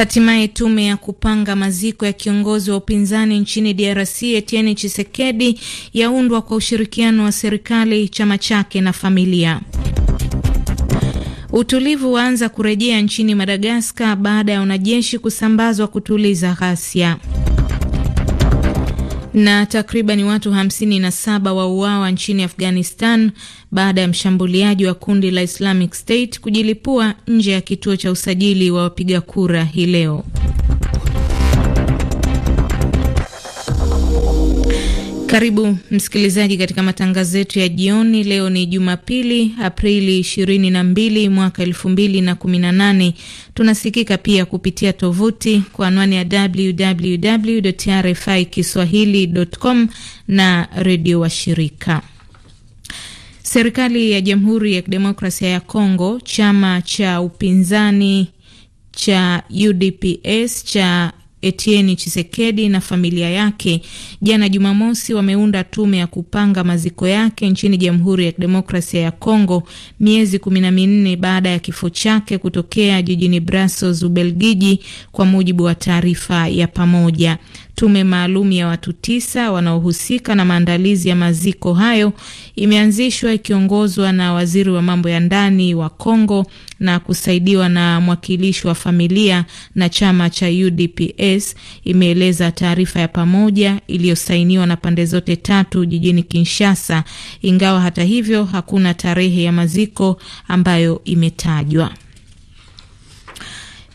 Hatimaye tume ya kupanga maziko ya kiongozi wa upinzani nchini DRC Etienne chisekedi yaundwa kwa ushirikiano wa serikali, chama chake na familia. Utulivu waanza kurejea nchini Madagaskar baada ya wanajeshi kusambazwa kutuliza ghasia. Na takriban watu 57 wauawa nchini Afghanistan baada ya mshambuliaji wa kundi la Islamic State kujilipua nje ya kituo cha usajili wa wapiga kura hii leo. Karibu msikilizaji katika matangazo yetu ya jioni. Leo ni Jumapili, Aprili 22 mwaka 2018. Tunasikika pia kupitia tovuti kwa anwani ya www RFI kiswahili.com na redio wa shirika Serikali ya Jamhuri ya Kidemokrasia ya Kongo, chama cha upinzani cha UDPS cha etieni Chisekedi na familia yake jana Jumamosi wameunda tume ya kupanga maziko yake nchini Jamhuri ya Kidemokrasia ya Kongo, miezi kumi na minne baada ya kifo chake kutokea jijini Brussels, Ubelgiji, kwa mujibu wa taarifa ya pamoja. Tume maalum ya watu tisa wanaohusika na maandalizi ya maziko hayo imeanzishwa ikiongozwa na waziri wa mambo ya ndani wa Kongo na kusaidiwa na mwakilishi wa familia na chama cha UDPS, imeeleza taarifa ya pamoja iliyosainiwa na pande zote tatu jijini Kinshasa, ingawa hata hivyo hakuna tarehe ya maziko ambayo imetajwa.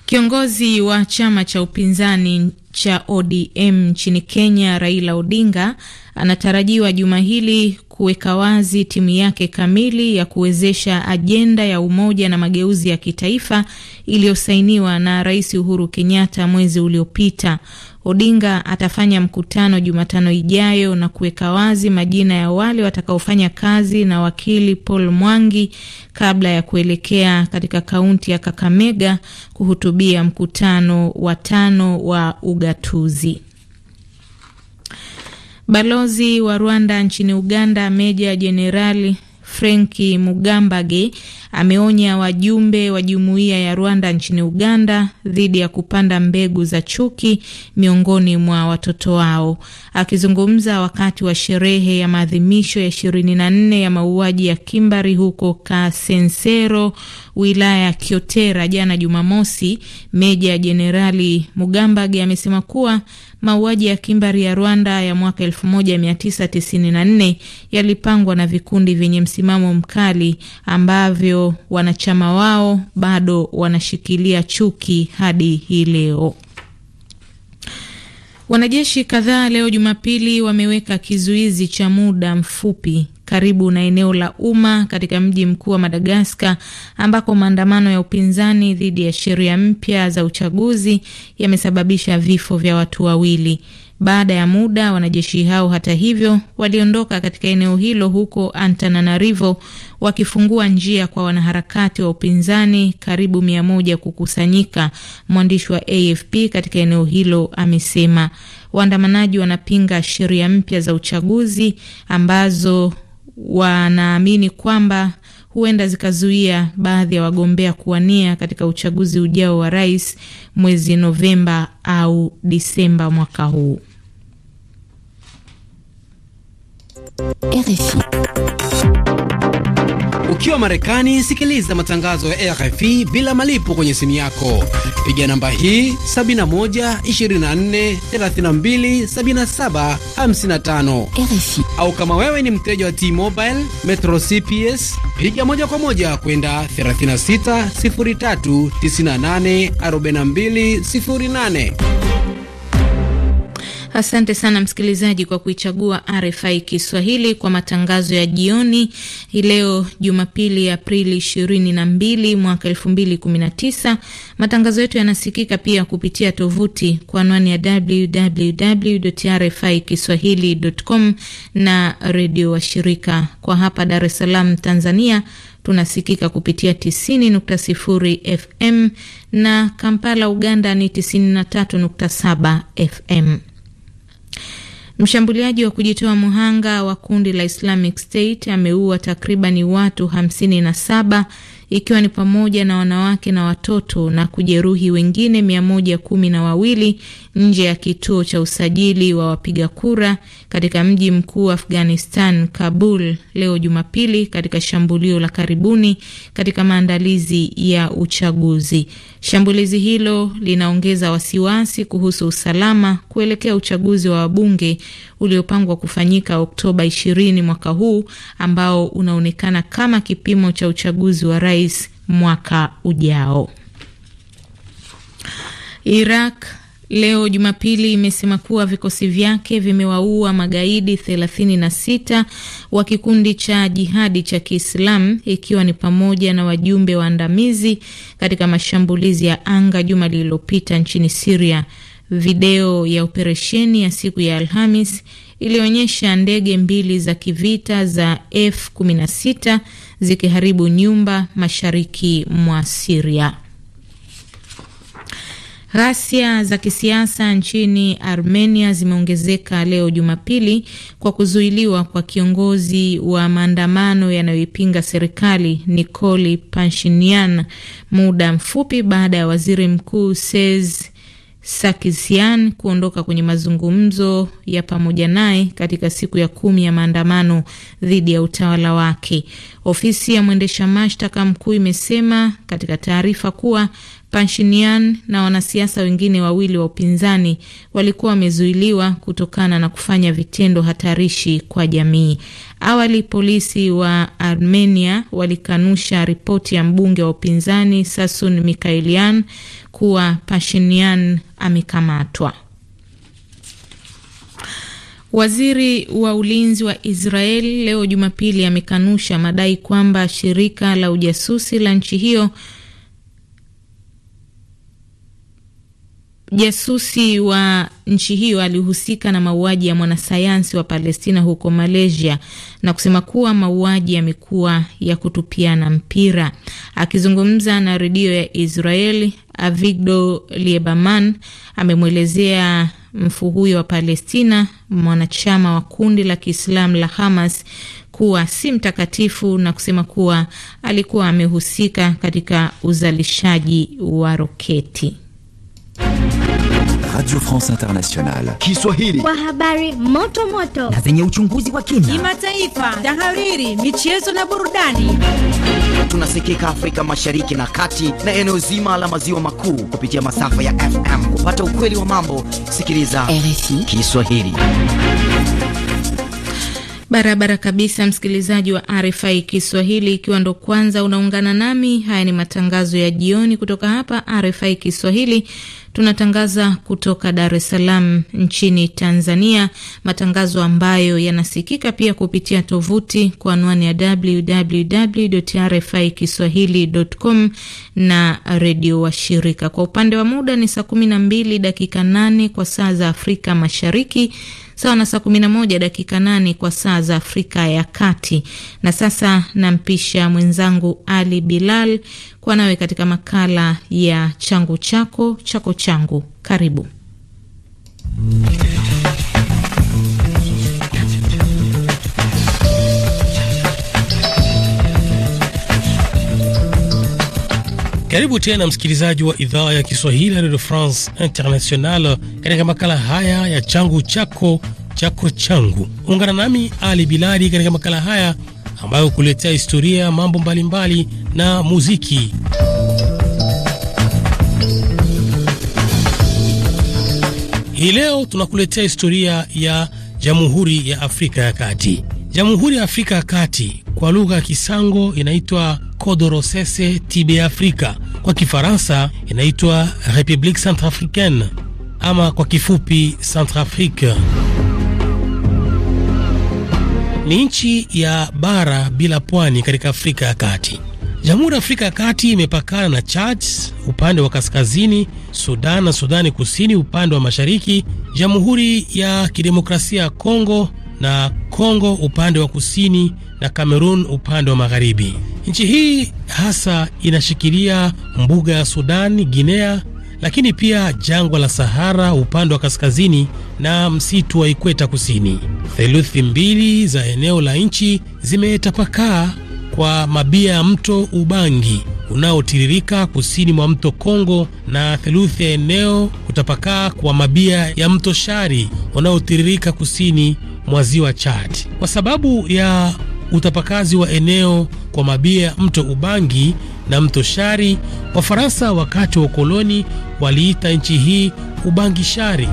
Kiongozi wa chama cha upinzani cha ODM nchini Kenya, Raila Odinga anatarajiwa juma hili kuweka wazi timu yake kamili ya kuwezesha ajenda ya umoja na mageuzi ya kitaifa iliyosainiwa na Rais Uhuru Kenyatta mwezi uliopita. Odinga atafanya mkutano Jumatano ijayo na kuweka wazi majina ya wale watakaofanya kazi na wakili Paul Mwangi kabla ya kuelekea katika kaunti ya Kakamega kuhutubia mkutano wa tano wa ugatuzi. Balozi wa Rwanda nchini Uganda, Meja Jenerali Frenki Mugambage ameonya wajumbe wa jumuiya ya Rwanda nchini Uganda dhidi ya kupanda mbegu za chuki miongoni mwa watoto wao. Akizungumza wakati wa sherehe ya maadhimisho ya ishirini na nne ya mauaji ya kimbari huko Kasensero, wilaya ya Kyotera jana Jumamosi, Meja Jenerali Mugambage amesema kuwa mauaji ya kimbari ya Rwanda ya mwaka 1994 yalipangwa na vikundi vyenye msimamo mkali ambavyo wanachama wao bado wanashikilia chuki hadi hii leo. Wanajeshi kadhaa leo Jumapili wameweka kizuizi cha muda mfupi karibu na eneo la umma katika mji mkuu wa Madagaskar ambako maandamano ya upinzani dhidi ya sheria mpya za uchaguzi yamesababisha vifo vya watu wawili. Baada ya muda, wanajeshi hao hata hivyo waliondoka katika eneo hilo huko Antananarivo, wakifungua njia kwa wanaharakati wa upinzani karibu mia moja kukusanyika. Mwandishi wa AFP katika eneo hilo amesema waandamanaji wanapinga sheria mpya za uchaguzi ambazo wanaamini kwamba huenda zikazuia baadhi ya wagombea kuwania katika uchaguzi ujao wa rais mwezi Novemba au Disemba mwaka huu. RFI. Ukiwa Marekani, sikiliza matangazo ya RFI bila malipo kwenye simu yako. Piga namba hii 71 24 32 77 55 Au kama wewe ni mteja wa T-Mobile Metro CPS, piga moja kwa moja kwenda 36 03 98 42 08. Asante sana msikilizaji kwa kuichagua RFI Kiswahili kwa matangazo ya jioni hii leo Jumapili, Aprili 22 mwaka 2019. Matangazo yetu yanasikika pia kupitia tovuti kwa anwani ya www rfi kiswahili.com na redio wa shirika Kwa hapa Dar es Salaam, Tanzania, tunasikika kupitia 90.0 FM na Kampala, Uganda ni 93.7 FM. Mshambuliaji wa kujitoa muhanga wa kundi la Islamic State ameua takribani watu hamsini na saba ikiwa ni pamoja na wanawake na watoto na kujeruhi wengine mia moja kumi na wawili nje ya kituo cha usajili wa wapiga kura katika mji mkuu wa Afghanistan, Kabul, leo Jumapili, katika shambulio la karibuni katika maandalizi ya uchaguzi. Shambulizi hilo linaongeza wasiwasi kuhusu usalama kuelekea uchaguzi wa wabunge uliopangwa kufanyika Oktoba 20 mwaka huu ambao unaonekana kama kipimo cha uchaguzi wa rais urais mwaka ujao. Iraq leo Jumapili imesema kuwa vikosi vyake vimewaua magaidi 36 wa kikundi cha jihadi cha Kiislamu ikiwa ni pamoja na wajumbe waandamizi katika mashambulizi ya anga juma lililopita nchini Siria. Video ya operesheni ya siku ya Alhamis ilionyesha ndege mbili za kivita za F-16 zikiharibu nyumba mashariki mwa Siria. Ghasia za kisiasa nchini Armenia zimeongezeka leo Jumapili kwa kuzuiliwa kwa kiongozi wa maandamano yanayoipinga serikali Nikoli Pashinyan muda mfupi baada ya waziri mkuu Sez Sarkisian kuondoka kwenye mazungumzo ya pamoja naye katika siku ya kumi ya maandamano dhidi ya utawala wake. Ofisi ya mwendesha mashtaka mkuu imesema katika taarifa kuwa Panshinian na wanasiasa wengine wawili wa upinzani walikuwa wamezuiliwa kutokana na kufanya vitendo hatarishi kwa jamii. Awali polisi wa Armenia walikanusha ripoti ya mbunge wa upinzani Sasun Mikaelian kuwa pashinian amekamatwa. Waziri wa ulinzi wa israel leo Jumapili amekanusha madai kwamba shirika la ujasusi la nchi hiyo Jasusi wa nchi hiyo alihusika na mauaji ya mwanasayansi wa Palestina huko Malaysia na kusema kuwa mauaji yamekuwa ya kutupiana mpira. Akizungumza na redio ya Israeli, Avigdor Lieberman amemwelezea mfu huyo wa Palestina, mwanachama wa kundi la Kiislamu la Hamas, kuwa si mtakatifu na kusema kuwa alikuwa amehusika katika uzalishaji wa roketi. Radio France Internationale Kiswahili kwa habari moto moto na zenye uchunguzi wa kina, kimataifa, tahariri, michezo na burudani. Tunasikika Afrika Mashariki na Kati na eneo zima la maziwa makuu kupitia masafa ya FM. Kupata ukweli wa mambo, sikiliza RFI Kiswahili barabara kabisa, msikilizaji wa RFI Kiswahili. Ikiwa ndo kwanza unaungana nami, haya ni matangazo ya jioni kutoka hapa RFI Kiswahili Tunatangaza kutoka Dar es Salaam nchini Tanzania, matangazo ambayo yanasikika pia kupitia tovuti kwa anwani ya www RFI kiswahilicom na redio wa shirika Kwa upande wa muda ni saa 12 dakika 8 kwa saa za Afrika Mashariki, sawa na saa 11 dakika 8 kwa saa za Afrika ya Kati. Na sasa nampisha mwenzangu Ali Bilal kwa nawe katika makala ya changu chako chako changu. Karibu. Karibu tena msikilizaji wa idhaa ya Kiswahili ya Radio France International katika makala haya ya changu chako chako changu. Ungana nami Ali Biladi katika makala haya ambayo kuletea historia, ya mambo mbalimbali na muziki. Hii leo tunakuletea historia ya Jamhuri ya Afrika ya Kati. Jamhuri ya Afrika ya Kati kwa lugha ya Kisango inaitwa Kodorosese Tibe Afrika, kwa Kifaransa inaitwa Republique Centrafricaine ama kwa kifupi Centrafrique. Ni nchi ya bara bila pwani katika Afrika ya Kati. Jamhuri ya Afrika ya Kati imepakana na Chad upande wa kaskazini, Sudan na Sudani Kusini upande wa mashariki, Jamhuri ya Kidemokrasia ya Kongo na Kongo upande wa kusini na Kamerun upande wa magharibi. Nchi hii hasa inashikilia mbuga ya Sudani, Guinea, lakini pia jangwa la Sahara upande wa kaskazini na msitu wa Ikweta kusini. Theluthi mbili za eneo la nchi zimetapakaa kwa mabia ya mto Ubangi unaotiririka kusini mwa mto Kongo na theluthi ya eneo kutapakaa kwa mabia ya mto Shari unaotiririka kusini mwa ziwa Chad. Kwa sababu ya utapakazi wa eneo kwa mabia ya mto Ubangi na mto Shari. Wafaransa wakati wa ukoloni waliita nchi hii Ubangi Shari.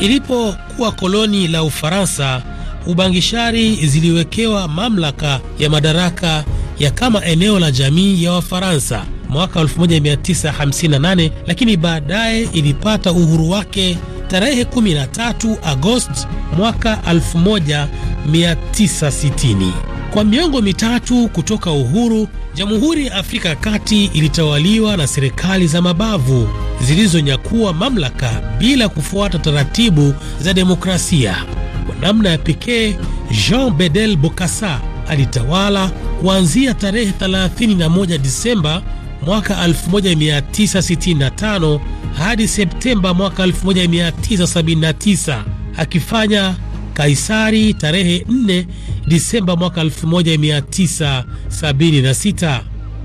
Ilipokuwa koloni la Ufaransa, Ubangishari ziliwekewa mamlaka ya madaraka ya kama eneo la jamii ya Wafaransa mwaka 1958 lakini baadaye ilipata uhuru wake tarehe 13 Agosti mwaka 1960. Kwa miongo mitatu kutoka uhuru, Jamhuri ya Afrika ya Kati ilitawaliwa na serikali za mabavu zilizonyakua mamlaka bila kufuata taratibu za demokrasia. Kwa namna ya pekee, Jean Bedel Bokassa alitawala kuanzia tarehe 31 Disemba mwaka 1965 hadi Septemba mwaka 1979 akifanya Kaisari tarehe 4 Disemba mwaka 1976.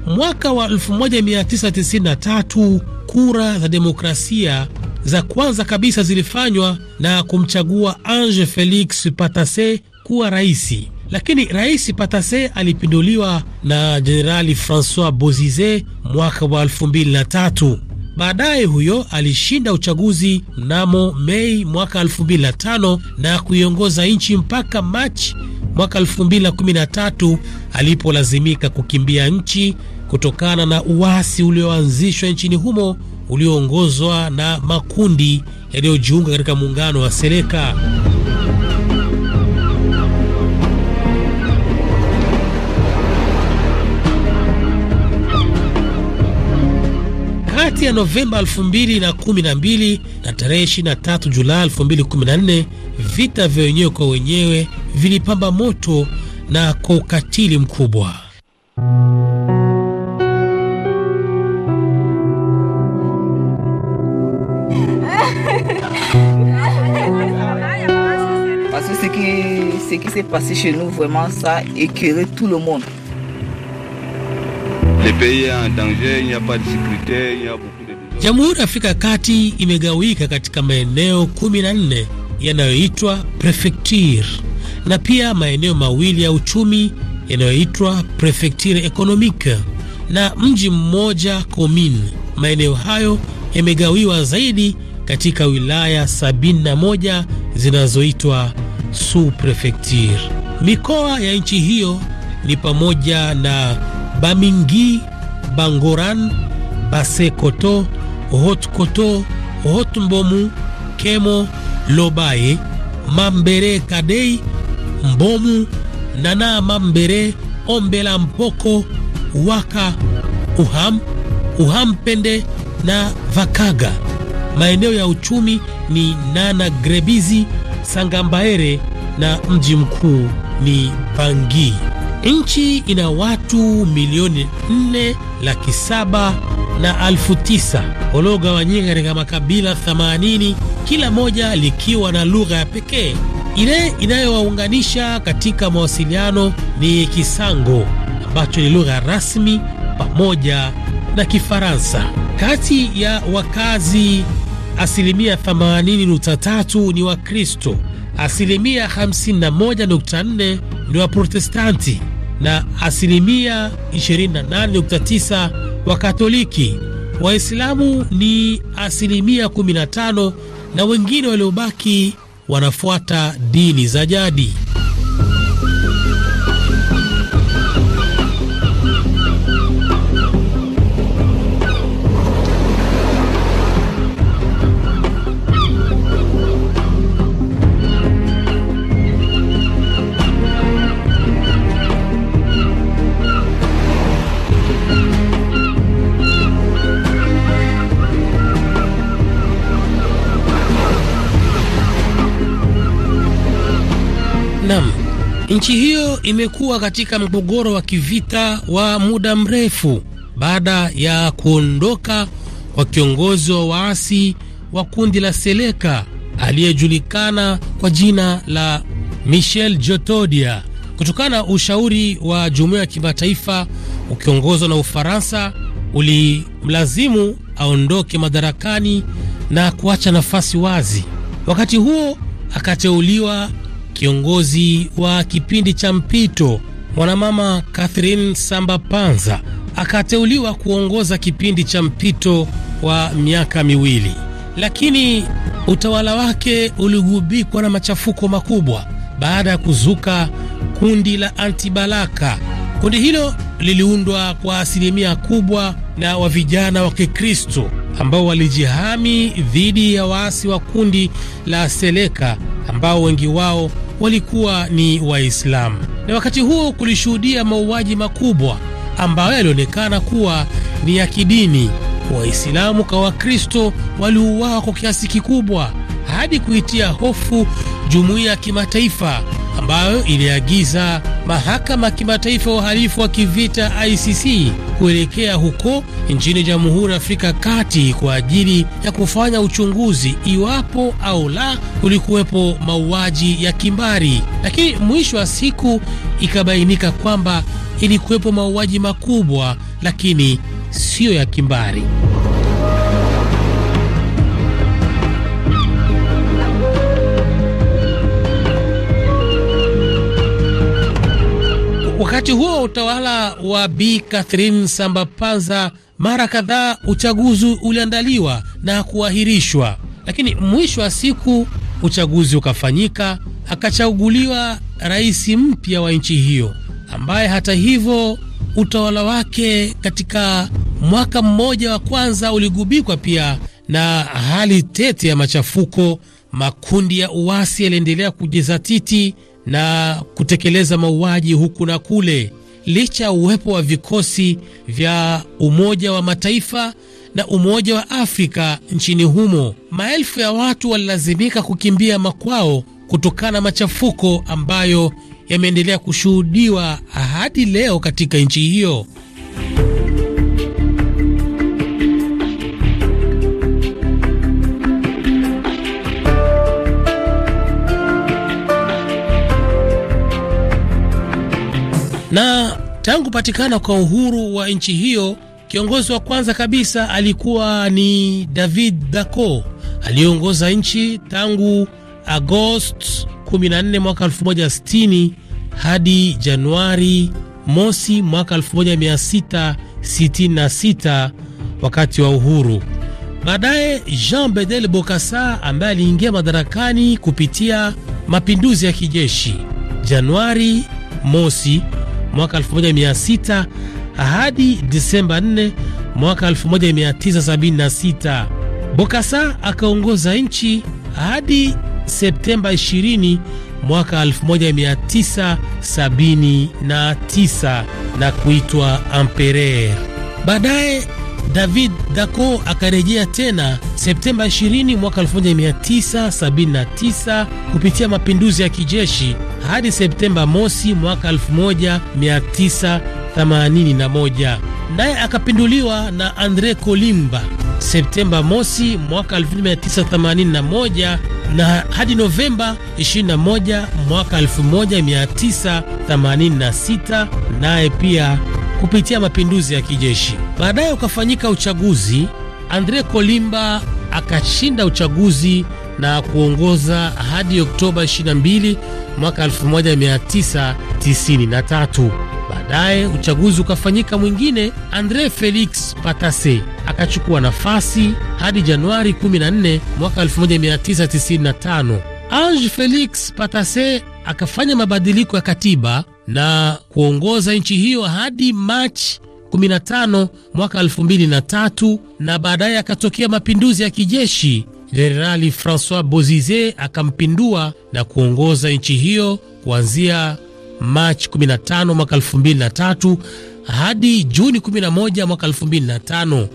Mwaka wa 1993 kura za demokrasia za kwanza kabisa zilifanywa na kumchagua Ange Felix Patasse kuwa raisi lakini Rais Patase alipinduliwa na Jenerali Francois Bozize mwaka wa 23 Baadaye huyo alishinda uchaguzi mnamo Mei mwaka 2005 na kuiongoza nchi mpaka Machi mwaka 2013 alipolazimika kukimbia nchi kutokana na uasi ulioanzishwa nchini humo ulioongozwa na makundi yaliyojiunga katika muungano wa Seleka. kati ya Novemba 2012 na tarehe 23 Julai 2014, vita vya wenyewe kwa wenyewe vilipamba moto na kwa ukatili mkubwa. Jamhuri ya Afrika ya Kati imegawika katika maeneo 14 yanayoitwa prefecture na pia maeneo mawili ya uchumi yanayoitwa prefecture economique na mji mmoja commune. Maeneo hayo yamegawiwa zaidi katika wilaya 71 zinazoitwa sous prefecture. Mikoa ya nchi hiyo ni pamoja na Bamingi, Bangoran, Basekoto, Hotkoto, Hotmbomu, Kemo, Lobaye, Mambere, Kadei, Mbomu, Nana, Mambere, Ombela, Mpoko, Waka, Uham, Uhampende na Vakaga. Maeneo ya uchumi ni Nana Grebizi, Sangambaere na mji mkuu ni Bangui. Nchi ina watu milioni nne laki saba na alfu tisa waliogawanyika katika makabila 80 kila moja likiwa na lugha ya pekee. Ile inayowaunganisha katika mawasiliano ni Kisango ambacho ni lugha rasmi pamoja na Kifaransa. Kati ya wakazi asilimia 80.3 ni Wakristo, asilimia 51.4 ni Waprotestanti na asilimia 28.9 wa katoliki Waislamu ni asilimia 15 na wengine waliobaki wanafuata dini za jadi. Nchi hiyo imekuwa katika mgogoro wa kivita wa muda mrefu baada ya kuondoka kwa kiongozi wa waasi wa kundi la Seleka aliyejulikana kwa jina la Michel Jotodia kutokana na ushauri wa jumuiya ya kimataifa ukiongozwa na Ufaransa ulimlazimu aondoke madarakani na kuacha nafasi wazi. Wakati huo akateuliwa Kiongozi wa kipindi cha mpito mwanamama Catherine Samba-Panza akateuliwa kuongoza kipindi cha mpito wa miaka miwili, lakini utawala wake uligubikwa na machafuko makubwa baada ya kuzuka kundi la Antibalaka. Kundi hilo liliundwa kwa asilimia kubwa na wa vijana wa Kikristo ambao walijihami dhidi ya waasi wa kundi la Seleka ambao wengi wao walikuwa ni Waislamu, na wakati huo kulishuhudia mauaji makubwa ambayo yalionekana kuwa ni ya kidini. Waislamu kwa Wakristo waliuawa kwa kiasi kikubwa hadi kuitia hofu jumuiya ya kimataifa ambayo iliagiza mahakama ya kimataifa ya uhalifu wa kivita ICC kuelekea huko nchini Jamhuri ya Afrika ya Kati kwa ajili ya kufanya uchunguzi iwapo au la kulikuwepo mauaji ya kimbari, lakini mwisho wa siku ikabainika kwamba ilikuwepo mauaji makubwa, lakini siyo ya kimbari. Wakati huo utawala wa b Catherine Sambapanza, mara kadhaa uchaguzi uliandaliwa na kuahirishwa, lakini mwisho wa siku uchaguzi ukafanyika, akachaguliwa rais mpya wa nchi hiyo, ambaye hata hivyo utawala wake katika mwaka mmoja wa kwanza uligubikwa pia na hali tete ya machafuko. Makundi ya uasi yaliendelea kujizatiti na kutekeleza mauaji huku na kule, licha ya uwepo wa vikosi vya Umoja wa Mataifa na Umoja wa Afrika nchini humo. Maelfu ya watu walilazimika kukimbia makwao kutokana na machafuko ambayo yameendelea kushuhudiwa hadi leo katika nchi hiyo. na tangu patikana kwa uhuru wa nchi hiyo, kiongozi wa kwanza kabisa alikuwa ni David Dacko aliyeongoza nchi tangu Agosti 14 mwaka 1960 hadi Januari mosi mwaka 1666 wakati wa uhuru. Baadaye Jean Bedel Bokassa ambaye aliingia madarakani kupitia mapinduzi ya kijeshi Januari mosi mwaka 1600 hadi Disemba 4 mwaka 1976. Bokassa akaongoza nchi hadi Septemba 20 mwaka 1979 na kuitwa Ampere. Baadaye David daco akarejea tena Septemba 20 mwaka 1979 kupitia mapinduzi ya kijeshi hadi Septemba mosi mwaka 1981. Naye akapinduliwa na Andre Kolimba Septemba mosi mwaka 1981 na hadi Novemba 21 mwaka 1986, naye pia kupitia mapinduzi ya kijeshi. Baadaye ukafanyika uchaguzi, Andre Kolimba akashinda uchaguzi na kuongoza hadi Oktoba 22 mwaka 1993. Baadaye uchaguzi ukafanyika mwingine, Andre Felix Patase akachukua nafasi hadi Januari 14 mwaka 1995. Ange Felix Patase akafanya mabadiliko ya katiba na kuongoza nchi hiyo hadi Machi 15 mwaka 2003 na baadaye akatokea mapinduzi ya kijeshi. Jenerali Francois Bozize akampindua na kuongoza nchi hiyo kuanzia Machi 15 mwaka 2003 hadi Juni 11 mwaka 2005.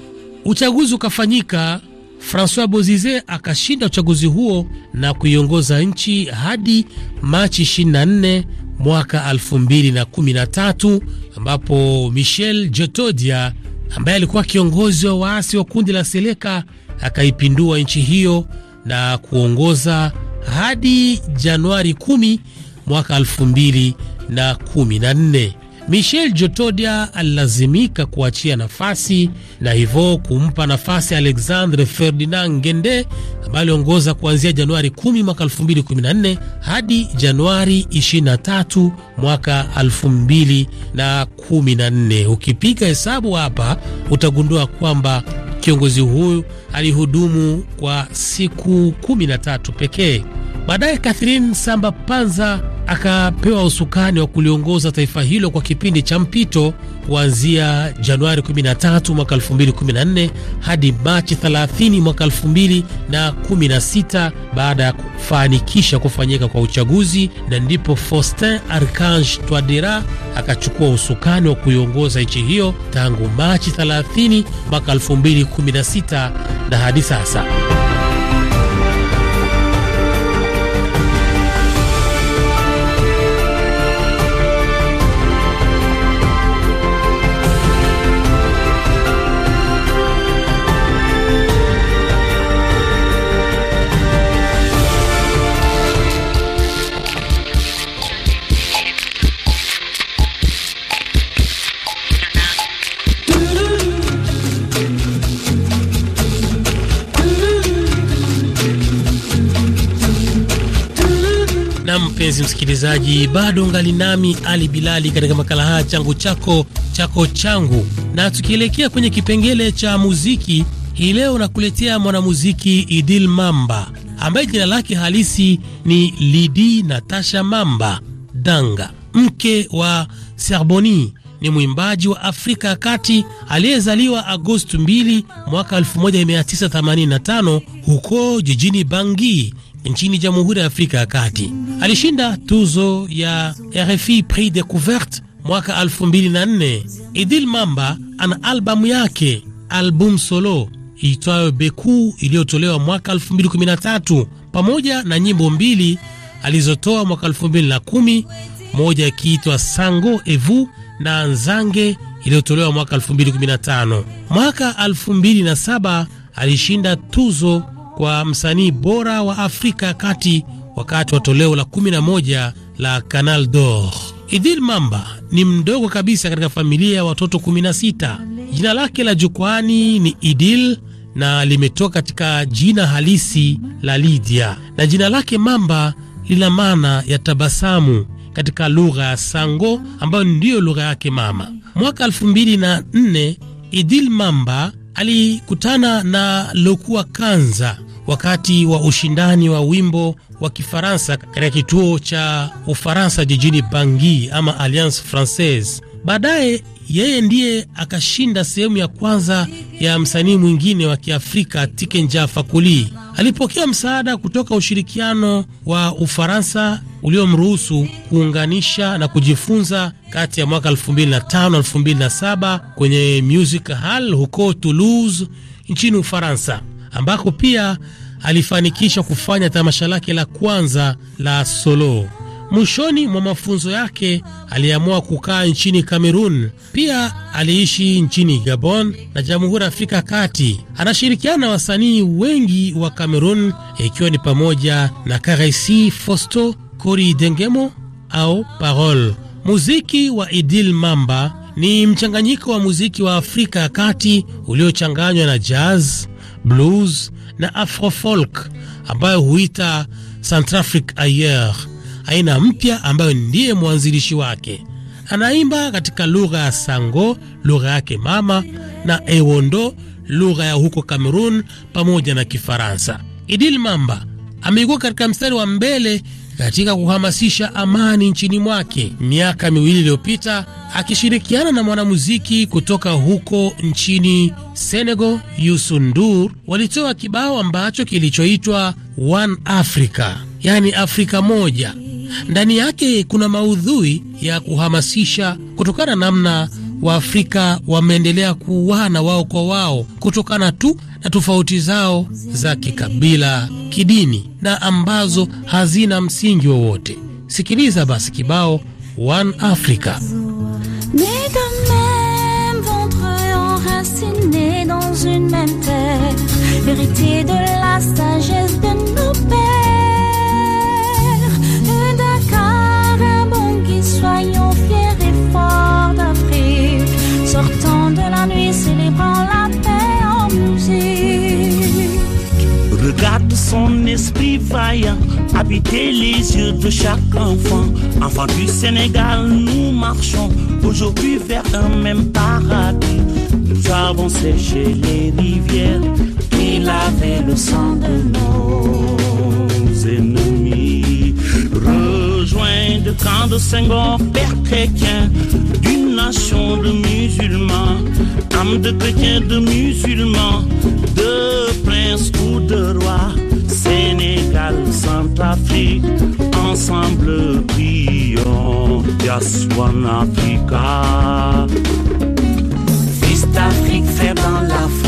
Uchaguzi ukafanyika, Francois Bozize akashinda uchaguzi huo na kuiongoza nchi hadi Machi 24 mwaka 2013 ambapo Michel Jotodia ambaye alikuwa kiongozi wa waasi wa kundi la Seleka akaipindua nchi hiyo na kuongoza hadi Januari 10 mwaka 2014. Michel Jotodia alilazimika kuachia nafasi na hivyo kumpa nafasi Alexandre Ferdinand Ngende ambaye aliongoza kuanzia Januari 10 mwaka 2014 hadi Januari 23 mwaka 2014. Ukipiga hesabu hapa utagundua kwamba kiongozi huyu alihudumu kwa siku 13 pekee. Baadaye Catherine Samba Panza akapewa usukani wa kuliongoza taifa hilo kwa kipindi cha mpito kuanzia Januari 13 mwaka 2014 hadi Machi 30 mwaka 2016 baada ya kufanikisha kufanyika kwa uchaguzi, na ndipo Faustin Archange Touadera akachukua usukani wa kuiongoza nchi hiyo tangu Machi 30 mwaka 2016 na hadi sasa. mpenzi msikilizaji, bado ngali nami Ali Bilali katika makala haya changu chako chako changu, na tukielekea kwenye kipengele cha muziki hii leo, nakuletea mwanamuziki Idil Mamba ambaye jina lake halisi ni Lidi Natasha Mamba Danga, mke wa Serboni. Ni mwimbaji wa Afrika ya Kati aliyezaliwa Agosti 2 mwaka 1985 huko jijini Bangui nchini Jamhuri ya Afrika ya Kati. Alishinda tuzo ya RFI Prix Decouverte mwaka 2004. Idil Mamba ana albamu yake, album solo iitwayo Beku iliyotolewa mwaka 2013 pamoja na nyimbo mbili alizotoa mwaka 2010, moja ikiitwa Sango Evu na Nzange iliyotolewa mwaka 2015. Mwaka 2007 alishinda tuzo kwa msanii bora wa Afrika ya Kati wakati wa toleo la 11 la Canal d'Or. Idil Mamba ni mdogo kabisa katika familia ya watoto 16. Jina lake la jukwani ni Idil na limetoka katika jina halisi la Lydia, na jina lake Mamba lina maana ya tabasamu katika lugha ya Sango ambayo ndiyo lugha yake mama. Mwaka 2004 Idil Mamba alikutana na Lokua Kanza wakati wa ushindani wa wimbo wa Kifaransa katika kituo cha Ufaransa jijini Bangui ama Alliance Francaise. Baadaye yeye ndiye akashinda sehemu ya kwanza ya msanii mwingine wa Kiafrika Tikenja Fakuli. Alipokea msaada kutoka ushirikiano wa Ufaransa uliomruhusu kuunganisha na kujifunza kati ya mwaka 2005 2007 kwenye Music Hall huko Toulouse nchini Ufaransa, ambako pia alifanikisha kufanya tamasha lake la kwanza la solo. Mwishoni mwa mafunzo yake aliamua kukaa nchini Kamerun. Pia aliishi nchini Gabon na Jamhuri ya Afrika ya Kati. Anashirikiana na wasanii wengi wa Kamerun, ikiwa ni pamoja na Karesi Fosto, Kori Dengemo au parol Muziki wa Idil Mamba ni mchanganyiko wa muziki wa Afrika ya Kati uliochanganywa na jazz, blues na afrofolk ambayo huita Centrafrique ailleurs aina mpya ambayo ndiye mwanzilishi wake. Anaimba katika lugha ya Sango, lugha yake mama, na Ewondo, lugha ya huko Kamerun, pamoja na Kifaransa. Idil Mamba amekuwa katika mstari wa mbele katika kuhamasisha amani nchini mwake miaka miwili iliyopita, akishirikiana na mwanamuziki kutoka huko nchini Senegal, Youssou N'Dour, walitoa kibao ambacho kilichoitwa One Africa, yani Afrika moja ndani yake kuna maudhui ya kuhamasisha kutokana namna Waafrika wameendelea kuuana wao kwa wao kutokana tu na tofauti zao za kikabila, kidini na ambazo hazina msingi wowote. Sikiliza basi kibao One Africa. son esprit vaillant habiter les yeux de chaque enfant. Enfant du Sénégal, nous marchons aujourd'hui vers un même paradis. Nous avons séché les rivières qui lavaient le sang de nos ennemis. Rejoint de 35 de père chrétien d'une nation de musulmans, âme de chrétien de musulmans, de prince ou de roi Sénégal, Centrafrique, ensemble prions, Just Africa. Fils Afrique fait dans l'Afrique.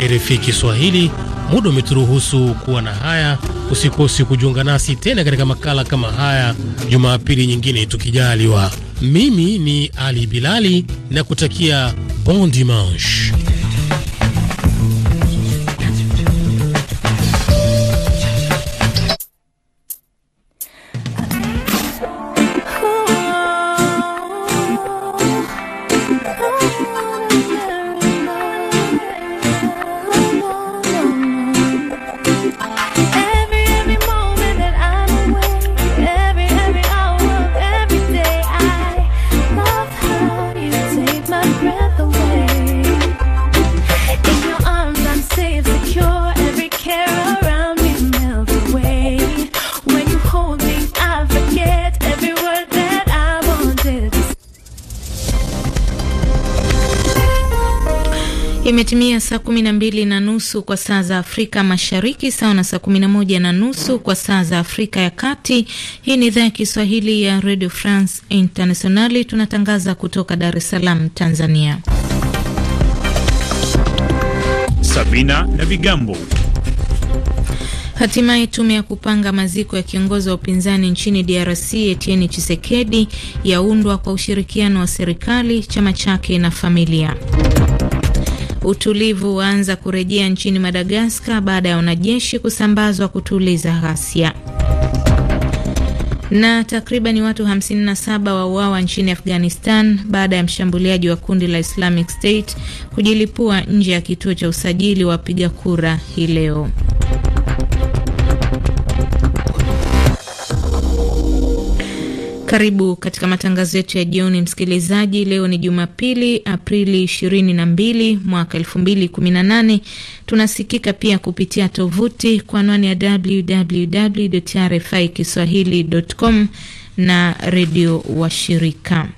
RFI Kiswahili. Muda umeturuhusu kuwa na haya. Usikosi kujiunga nasi tena katika makala kama haya Jumapili nyingine tukijaliwa. Mimi ni Ali Bilali na kutakia bon dimanche. Imetimia saa kumi na mbili na nusu kwa saa za Afrika Mashariki, sawa na saa kumi na moja na nusu kwa saa za Afrika ya Kati. Hii ni idhaa ya Kiswahili ya Radio France Internationali, tunatangaza kutoka Dar es Salaam, Tanzania. Sabina na Vigambo. Hatimaye tume ya kupanga maziko ya kiongozi wa upinzani nchini DRC Etienne Chisekedi yaundwa kwa ushirikiano wa serikali, chama chake na familia. Utulivu waanza kurejea nchini Madagaskar baada ya wanajeshi kusambazwa kutuliza ghasia. Na takribani watu 57 wauawa nchini Afghanistan baada ya mshambuliaji wa kundi la Islamic State kujilipua nje ya kituo cha usajili wa wapiga kura hii leo. Karibu katika matangazo yetu ya jioni, msikilizaji. Leo ni Jumapili, Aprili 22 mwaka 2018. Tunasikika pia kupitia tovuti kwa anwani ya www RFI kiswahili.com na redio washirika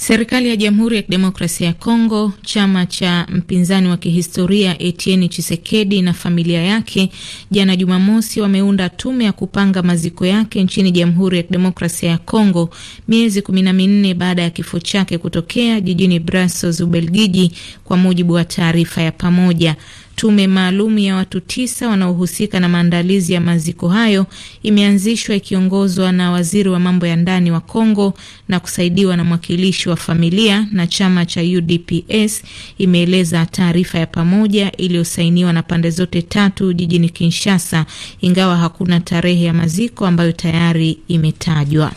Serikali ya Jamhuri ya Kidemokrasia ya Kongo, chama cha mpinzani wa kihistoria Etienne Chisekedi na familia yake, jana Jumamosi, wameunda tume ya kupanga maziko yake nchini Jamhuri ya Kidemokrasia ya Kongo, miezi kumi na minne baada ya kifo chake kutokea jijini Brussels, Ubelgiji, kwa mujibu wa taarifa ya pamoja. Tume maalum ya watu tisa wanaohusika na maandalizi ya maziko hayo imeanzishwa ikiongozwa na waziri wa mambo ya ndani wa Kongo na kusaidiwa na mwakilishi wa familia na chama cha UDPS, imeeleza taarifa ya pamoja iliyosainiwa na pande zote tatu jijini Kinshasa, ingawa hakuna tarehe ya maziko ambayo tayari imetajwa.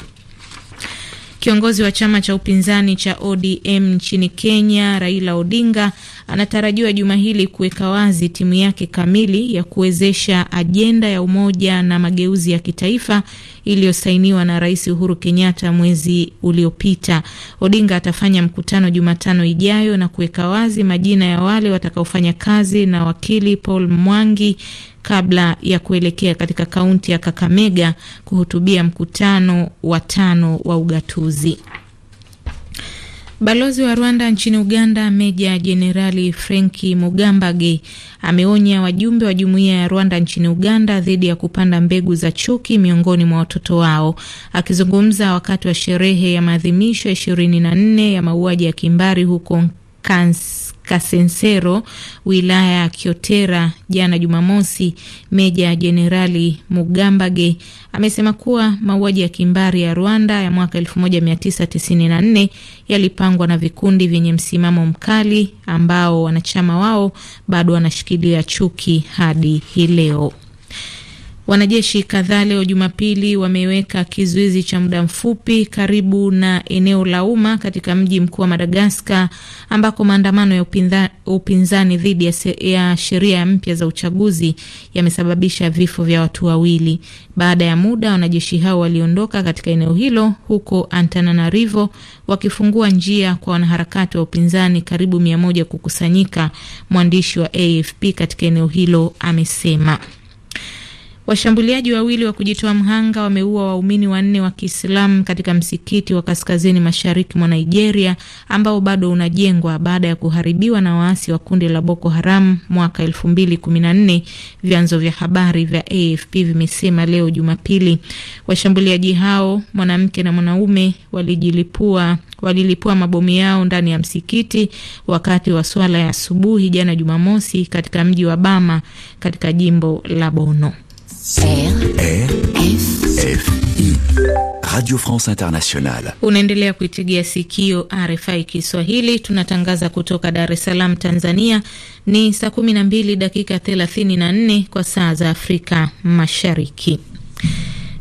Kiongozi wa chama cha upinzani cha ODM nchini Kenya, Raila Odinga anatarajiwa juma hili kuweka wazi timu yake kamili ya kuwezesha ajenda ya umoja na mageuzi ya kitaifa iliyosainiwa na Rais Uhuru Kenyatta mwezi uliopita. Odinga atafanya mkutano Jumatano ijayo na kuweka wazi majina ya wale watakaofanya kazi na wakili Paul Mwangi kabla ya kuelekea katika kaunti ya Kakamega kuhutubia mkutano wa tano wa ugatuzi. Balozi wa Rwanda nchini Uganda, Meja Jenerali Frenki Mugambage, ameonya wajumbe wa jumuiya ya Rwanda nchini Uganda dhidi ya kupanda mbegu za chuki miongoni mwa watoto wao. Akizungumza wakati wa sherehe ya maadhimisho ishirini na nne ya mauaji ya kimbari huko Kansi Kasensero, wilaya ya Kyotera jana Jumamosi, Meja Jenerali Mugambage amesema kuwa mauaji ya kimbari ya Rwanda ya mwaka 1994 yalipangwa na vikundi vyenye msimamo mkali ambao wanachama wao bado wanashikilia chuki hadi hii leo. Wanajeshi kadhaa leo Jumapili wameweka kizuizi cha muda mfupi karibu na eneo la umma katika mji mkuu wa Madagaskar ambako maandamano ya upinza, upinzani dhidi ya, ya sheria mpya za uchaguzi yamesababisha vifo vya watu wawili. Baada ya muda, wanajeshi hao waliondoka katika eneo hilo huko Antananarivo, wakifungua njia kwa wanaharakati wa upinzani karibu mia moja kukusanyika. Mwandishi wa AFP katika eneo hilo amesema. Washambuliaji wawili wa kujitoa mhanga wameua waumini wanne wa Kiislamu katika msikiti wa kaskazini mashariki mwa Nigeria ambao bado unajengwa baada ya kuharibiwa na waasi wa kundi la Boko Haram mwaka 2014, vyanzo vya habari vya AFP vimesema leo Jumapili. Washambuliaji hao, mwanamke na mwanaume, walijilipua walilipua mabomu yao ndani ya msikiti wakati wa swala ya asubuhi jana Jumamosi katika mji wa Bama katika jimbo la Bono. RFI Radio France Internationale. Unaendelea kuitegea sikio RFI Kiswahili, tunatangaza kutoka Dar es Salaam, Tanzania. Ni saa 12 dakika 34 kwa saa za Afrika Mashariki.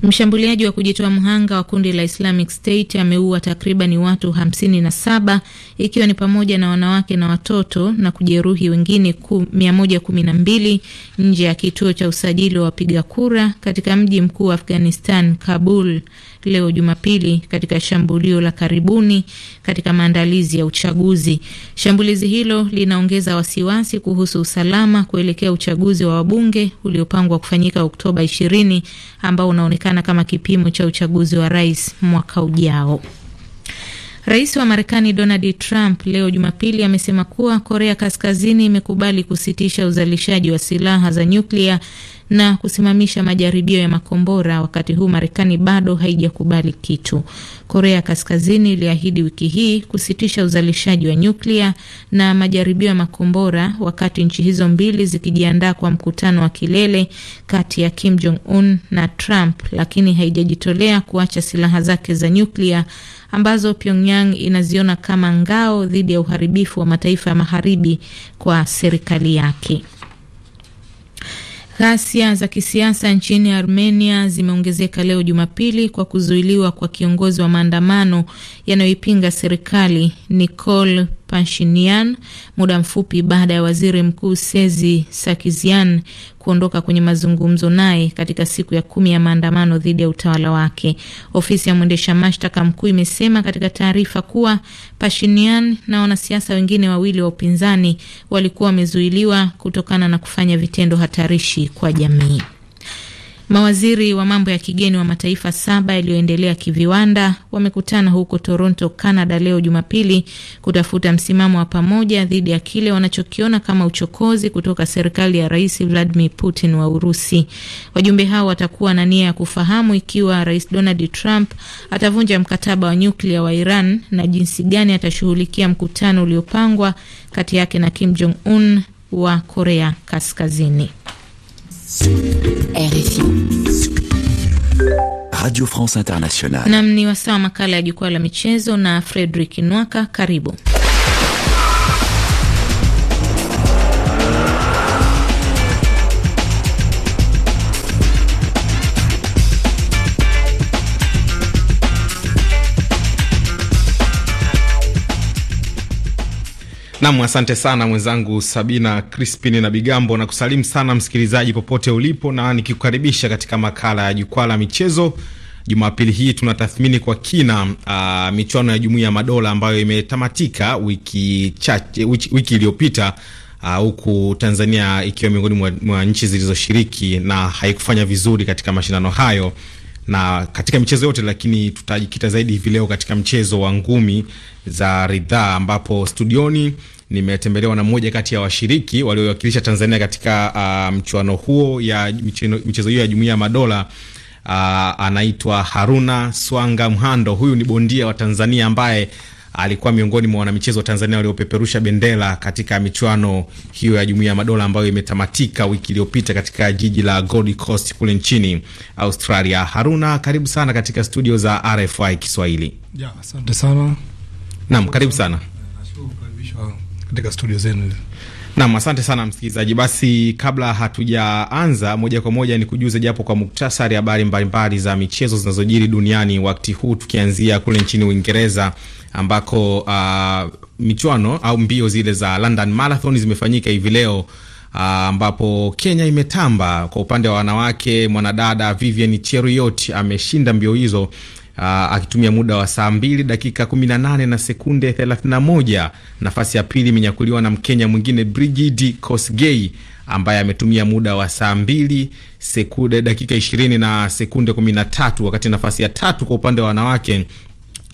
Mshambuliaji wa kujitoa mhanga wa kundi la Islamic State ameua takribani watu 57 ikiwa ni pamoja na wanawake na watoto na kujeruhi wengine 112 nje ya kituo cha usajili wa wapiga kura katika mji mkuu wa Afghanistan, Kabul leo Jumapili katika shambulio la karibuni katika maandalizi ya uchaguzi. Shambulizi hilo linaongeza wasiwasi kuhusu usalama kuelekea uchaguzi wa wabunge uliopangwa kufanyika Oktoba 20 ambao unaonekana kama kipimo cha uchaguzi wa rais mwaka ujao. Rais wa Marekani Donald Trump leo Jumapili amesema kuwa Korea Kaskazini imekubali kusitisha uzalishaji wa silaha za nyuklia na kusimamisha majaribio ya makombora, wakati huu Marekani bado haijakubali kitu. Korea Kaskazini iliahidi wiki hii kusitisha uzalishaji wa nyuklia na majaribio ya makombora, wakati nchi hizo mbili zikijiandaa kwa mkutano wa kilele kati ya Kim Jong Un na Trump, lakini haijajitolea kuacha silaha zake za nyuklia ambazo Pyongyang inaziona kama ngao dhidi ya uharibifu wa mataifa ya magharibi kwa serikali yake. Ghasia za kisiasa nchini Armenia zimeongezeka leo Jumapili kwa kuzuiliwa kwa kiongozi wa maandamano yanayoipinga serikali Nikol pashinian muda mfupi baada ya waziri mkuu Sezi Sakizian kuondoka kwenye mazungumzo naye katika siku ya kumi ya maandamano dhidi ya utawala wake. Ofisi ya mwendesha mashtaka mkuu imesema katika taarifa kuwa pashinian na wanasiasa wengine wawili wa upinzani walikuwa wamezuiliwa kutokana na kufanya vitendo hatarishi kwa jamii. Mawaziri wa mambo ya kigeni wa mataifa saba yaliyoendelea kiviwanda wamekutana huko Toronto, Canada leo Jumapili kutafuta msimamo wa pamoja dhidi ya kile wanachokiona kama uchokozi kutoka serikali ya Rais Vladimir Putin wa Urusi. Wajumbe hao watakuwa na nia ya kufahamu ikiwa Rais Donald Trump atavunja mkataba wa nyuklia wa Iran na jinsi gani atashughulikia mkutano uliopangwa kati yake na Kim Jong Un wa Korea Kaskazini. RFI Radio France Internationale. Nam ni wasaa wa makala ya jukwaa la michezo na fredrick Nwaka, karibu. Nam, asante sana mwenzangu Sabina Crispin na Bigambo, na kusalimu sana msikilizaji popote ulipo, na nikikukaribisha katika makala ya jukwaa la michezo. Jumapili hii tunatathmini kwa kina uh, michuano ya Jumuiya ya Madola ambayo imetamatika wiki chache, wiki, wiki iliyopita ah, huku uh, Tanzania ikiwa miongoni mwa nchi zilizoshiriki na haikufanya vizuri katika mashindano hayo na katika michezo yote, lakini tutajikita zaidi hivi leo katika mchezo wa ngumi za ridhaa, ambapo studioni nimetembelewa na mmoja kati ya washiriki waliowakilisha Tanzania katika uh, mchuano huo ya michezo hiyo ya Jumuiya ya Madola. Uh, anaitwa Haruna Swanga Mhando. Huyu ni bondia wa Tanzania ambaye alikuwa miongoni mwa wanamichezo wa Tanzania waliopeperusha bendera katika michuano hiyo ya Jumuiya ya Madola ambayo imetamatika wiki iliyopita katika jiji la Gold Coast kule nchini Australia. Haruna, karibu sana katika studio za RFI Kiswahili. Ya, asante sana. Naam, karibu sana. katika studio zenu. Nam, asante sana msikilizaji. Basi kabla hatujaanza moja kwa moja, ni kujuze japo kwa muktasari habari mbalimbali za michezo zinazojiri duniani wakati huu, tukianzia kule nchini Uingereza ambako uh, michuano au mbio zile za London Marathon zimefanyika hivi leo uh, ambapo Kenya imetamba kwa upande wa wanawake. Mwanadada Vivian Cheruiyot ameshinda mbio hizo uh, akitumia muda wa saa 2 dakika 18 na sekunde 31. Nafasi ya pili imenyakuliwa na Mkenya mwingine Brigid Kosgei ambaye ametumia muda wa saa mbili sekunde dakika 20 na sekunde 13, wakati nafasi ya tatu kwa upande wa wanawake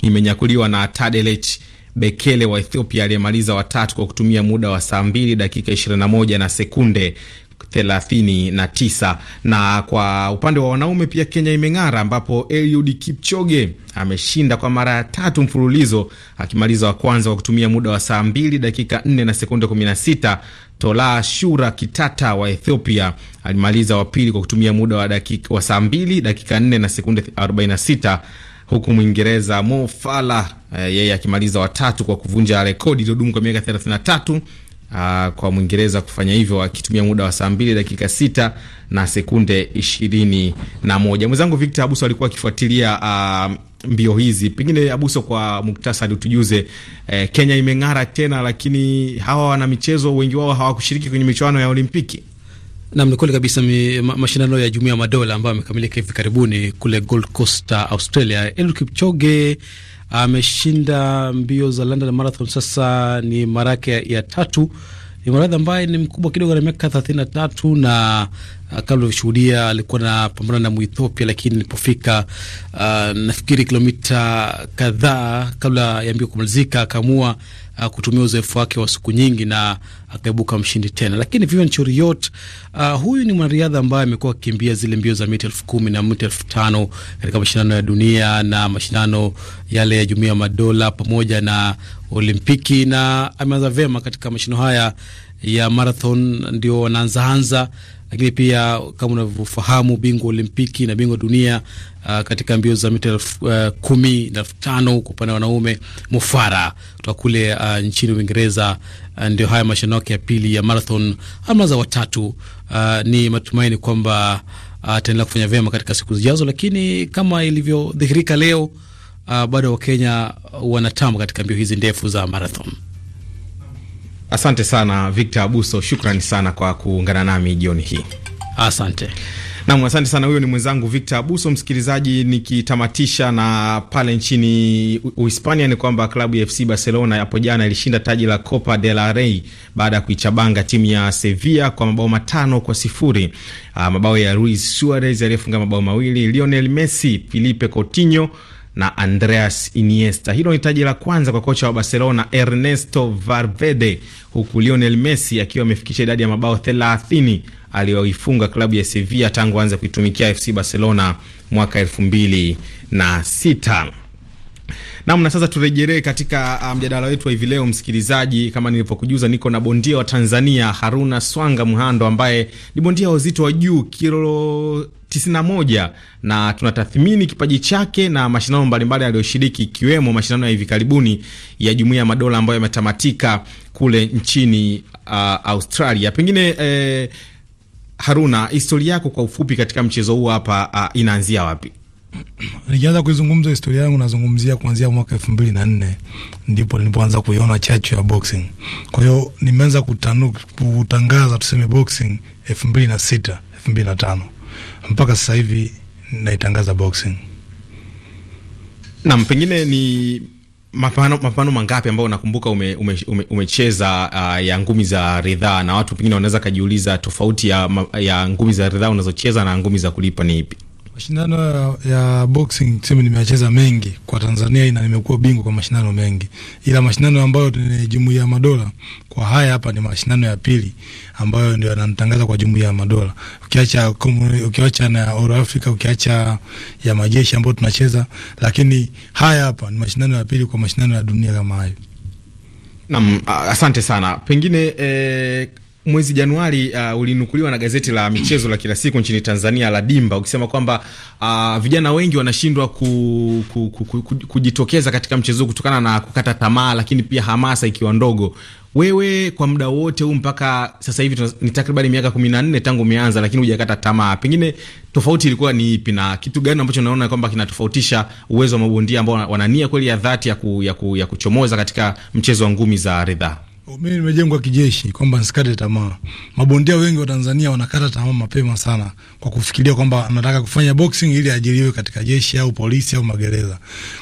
imenyakuliwa na Tadelech Bekele wa Ethiopia aliyemaliza watatu kwa kutumia muda wa saa 2 dakika 21 na sekunde 39. Na kwa upande wa wanaume pia Kenya imeng'ara ambapo Eliud Kipchoge ameshinda kwa mara ya tatu mfululizo akimaliza wa kwanza kwa kutumia muda wa saa 2 dakika 4 na sekunde 16. Tola Shura Kitata wa Ethiopia alimaliza wa pili kwa kutumia muda wa, dakika, wa saa 2 dakika 4 na sekunde 46 huku Mwingereza Mo Salah eh, yeye akimaliza watatu kwa kuvunja rekodi iliyodumu kwa miaka 33 Uh, ah, kwa Mwingereza kufanya hivyo akitumia muda wa saa mbili dakika sita na sekunde ishirini na moja. Mwenzangu Victor Abuso alikuwa akifuatilia uh, mbio hizi. Pengine Abuso, kwa muktasari utujuze, eh, Kenya imeng'ara tena, lakini hawa wana michezo wengi wao hawakushiriki kwenye michuano ya Olimpiki. Nam, ni kweli kabisa. Mashindano ya Jumuia ya Madola ambayo amekamilika hivi karibuni kule Gold Coast, uh, Australia, Eliud Kipchoge ameshinda mbio za London Marathon. Sasa ni mara yake ya tatu. Ni mwanariadha ambaye ni mkubwa kidogo na miaka thelathini na tatu na uh, kama ulivyoshuhudia alikuwa na pambana na Muethiopia, lakini nilipofika uh, nafikiri kilomita kadhaa kabla ya mbio kumalizika akaamua uh, kutumia uzoefu wake wa siku nyingi na akaibuka mshindi tena. Lakini Vivian Cheruiyot uh, huyu ni mwanariadha ambaye amekuwa akikimbia zile mbio za mita elfu kumi na mita elfu tano katika mashindano ya dunia na mashindano yale ya Jumuiya ya Madola pamoja na Olimpiki, na ameanza vema katika mashindano haya ya marathon, ndio wanaanzaanza lakini pia kama unavyofahamu bingwa Olimpiki na bingwa dunia uh, katika mbio za mita elfu uh, kumi na elfu tano kwa upande wa wanaume Mufara kutoka kule uh, nchini Uingereza. Uh, ndio haya mashindano yake ya pili ya marathon, amlaza watatu. Uh, ni matumaini kwamba uh, ataendelea uh, kufanya vyema katika siku zijazo, lakini kama ilivyodhihirika leo uh, bado Wakenya wanatamba katika mbio hizi ndefu za marathon. Asante sana Victor Abuso, shukrani sana kwa kuungana nami jioni hii. Asante nam, asante sana. Huyo ni mwenzangu Victor Abuso. Msikilizaji, nikitamatisha na pale nchini Uhispania ni kwamba klabu ya FC Barcelona hapo jana ilishinda taji la Copa del Rey baada ya kuichabanga timu ya Sevilla kwa mabao matano kwa sifuri. Ah, mabao ya Luis Suarez aliyefunga mabao mawili, Lionel Messi, Filipe Coutinho na Andreas Iniesta. Hilo ni taji la kwanza kwa kocha wa Barcelona Ernesto Valverde, huku Lionel Messi akiwa amefikisha idadi ya mabao 30 aliyoifunga klabu ya Sevilla tangu aanze kuitumikia FC Barcelona mwaka 2006. nam na sasa turejelee katika uh, mjadala um, wetu wa hivi leo msikilizaji. Kama nilivyokujuza, niko na bondia wa Tanzania Haruna Swanga Mhando ambaye ni bondia wa uzito wa juu kilo 91 na tunatathmini kipaji chake na mashindano mbalimbali aliyoshiriki ikiwemo mashindano ya hivi karibuni ya Jumuiya ya Madola ambayo yametamatika kule nchini uh, Australia. Pengine eh, Haruna, historia yako kwa ufupi katika mchezo huu hapa uh, inaanzia wapi? Nikianza kuizungumza historia yangu nazungumzia kuanzia mwaka elfu mbili na nne ndipo nilipoanza kuiona chachu ya boxing. Kwa hiyo nimeanza kutangaza tuseme boxing elfu mbili na sita elfu mbili na tano mpaka sasa hivi naitangaza boxing. Nam, pengine ni mapambano mapano mangapi ambayo unakumbuka umecheza ume, ume, uh, ya ngumi za ridhaa? Na watu pengine wanaweza kajiuliza tofauti ya, ya ngumi za ridhaa unazocheza na ngumi za kulipa ni ipi? Mashindano ya boxing tuseme, nimeacheza mengi kwa Tanzania na nimekuwa bingwa kwa mashindano mengi, ila mashindano ambayo ni Jumuiya ya Madola kwa haya hapa ni mashindano ya pili ambayo ndio yanatangaza kwa Jumuiya ya Madola, ukiacha ukiacha na Euro Africa, ukiacha ya majeshi ambayo tunacheza, lakini haya hapa ni mashindano ya pili kwa mashindano ya dunia kama hayo. Naam, asante sana. Pengine eh mwezi Januari uh, ulinukuliwa na gazeti la michezo la kila siku nchini Tanzania la Dimba ukisema kwamba uh, vijana wengi wanashindwa ku, ku, ku, ku, kujitokeza katika mchezo kutokana na kukata tamaa, lakini pia hamasa ikiwa ndogo. Wewe kwa muda wote huu mpaka sasa hivi ni takriban miaka kumi na nne tangu umeanza, lakini hujakata tamaa. Pengine tofauti ilikuwa ni ipi, na kitu gani ambacho unaona kwamba kinatofautisha uwezo wa mabondia ambao wanania kweli ya dhati ya, ku, ya, ku, ya kuchomoza katika mchezo wa ngumi za ridhaa? Mimi nimejengwa kijeshi kwamba nisikate tamaa. Mabondia wengi wa Tanzania wanakata tamaa mapema sana kwa kufikiria kwamba anataka kufanya boxing ili ajiriwe katika jeshi au polisi au magereza.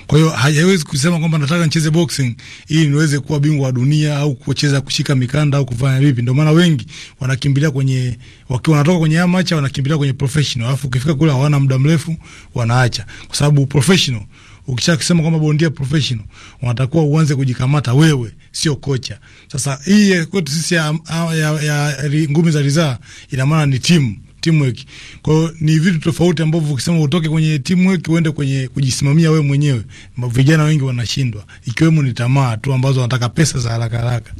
Kwa hiyo hajawezi kusema kwamba nataka nicheze boxing ili niweze kuwa bingwa wa dunia au kucheza kushika mikanda au kufanya vipi. Ndio maana wengi wanakimbilia kwenye wakiwa wanatoka kwenye amacha wanakimbilia kwenye professional. Alafu ukifika kule hawana muda mrefu wanaacha kwa sababu professional Ukishakisema kwamba bondia professional, wanatakua uanze kujikamata wewe, sio kocha. Sasa hii kwetu sisi ya, ya, ya ngumi za ridhaa, ina maana ni timu teamwork. Kwa ni vitu tofauti ambavyo ukisema utoke kwenye teamwork uende kwenye kujisimamia wewe mwenyewe, vijana wengi wanashindwa, ikiwemo ni tamaa tu ambazo wanataka pesa za haraka haraka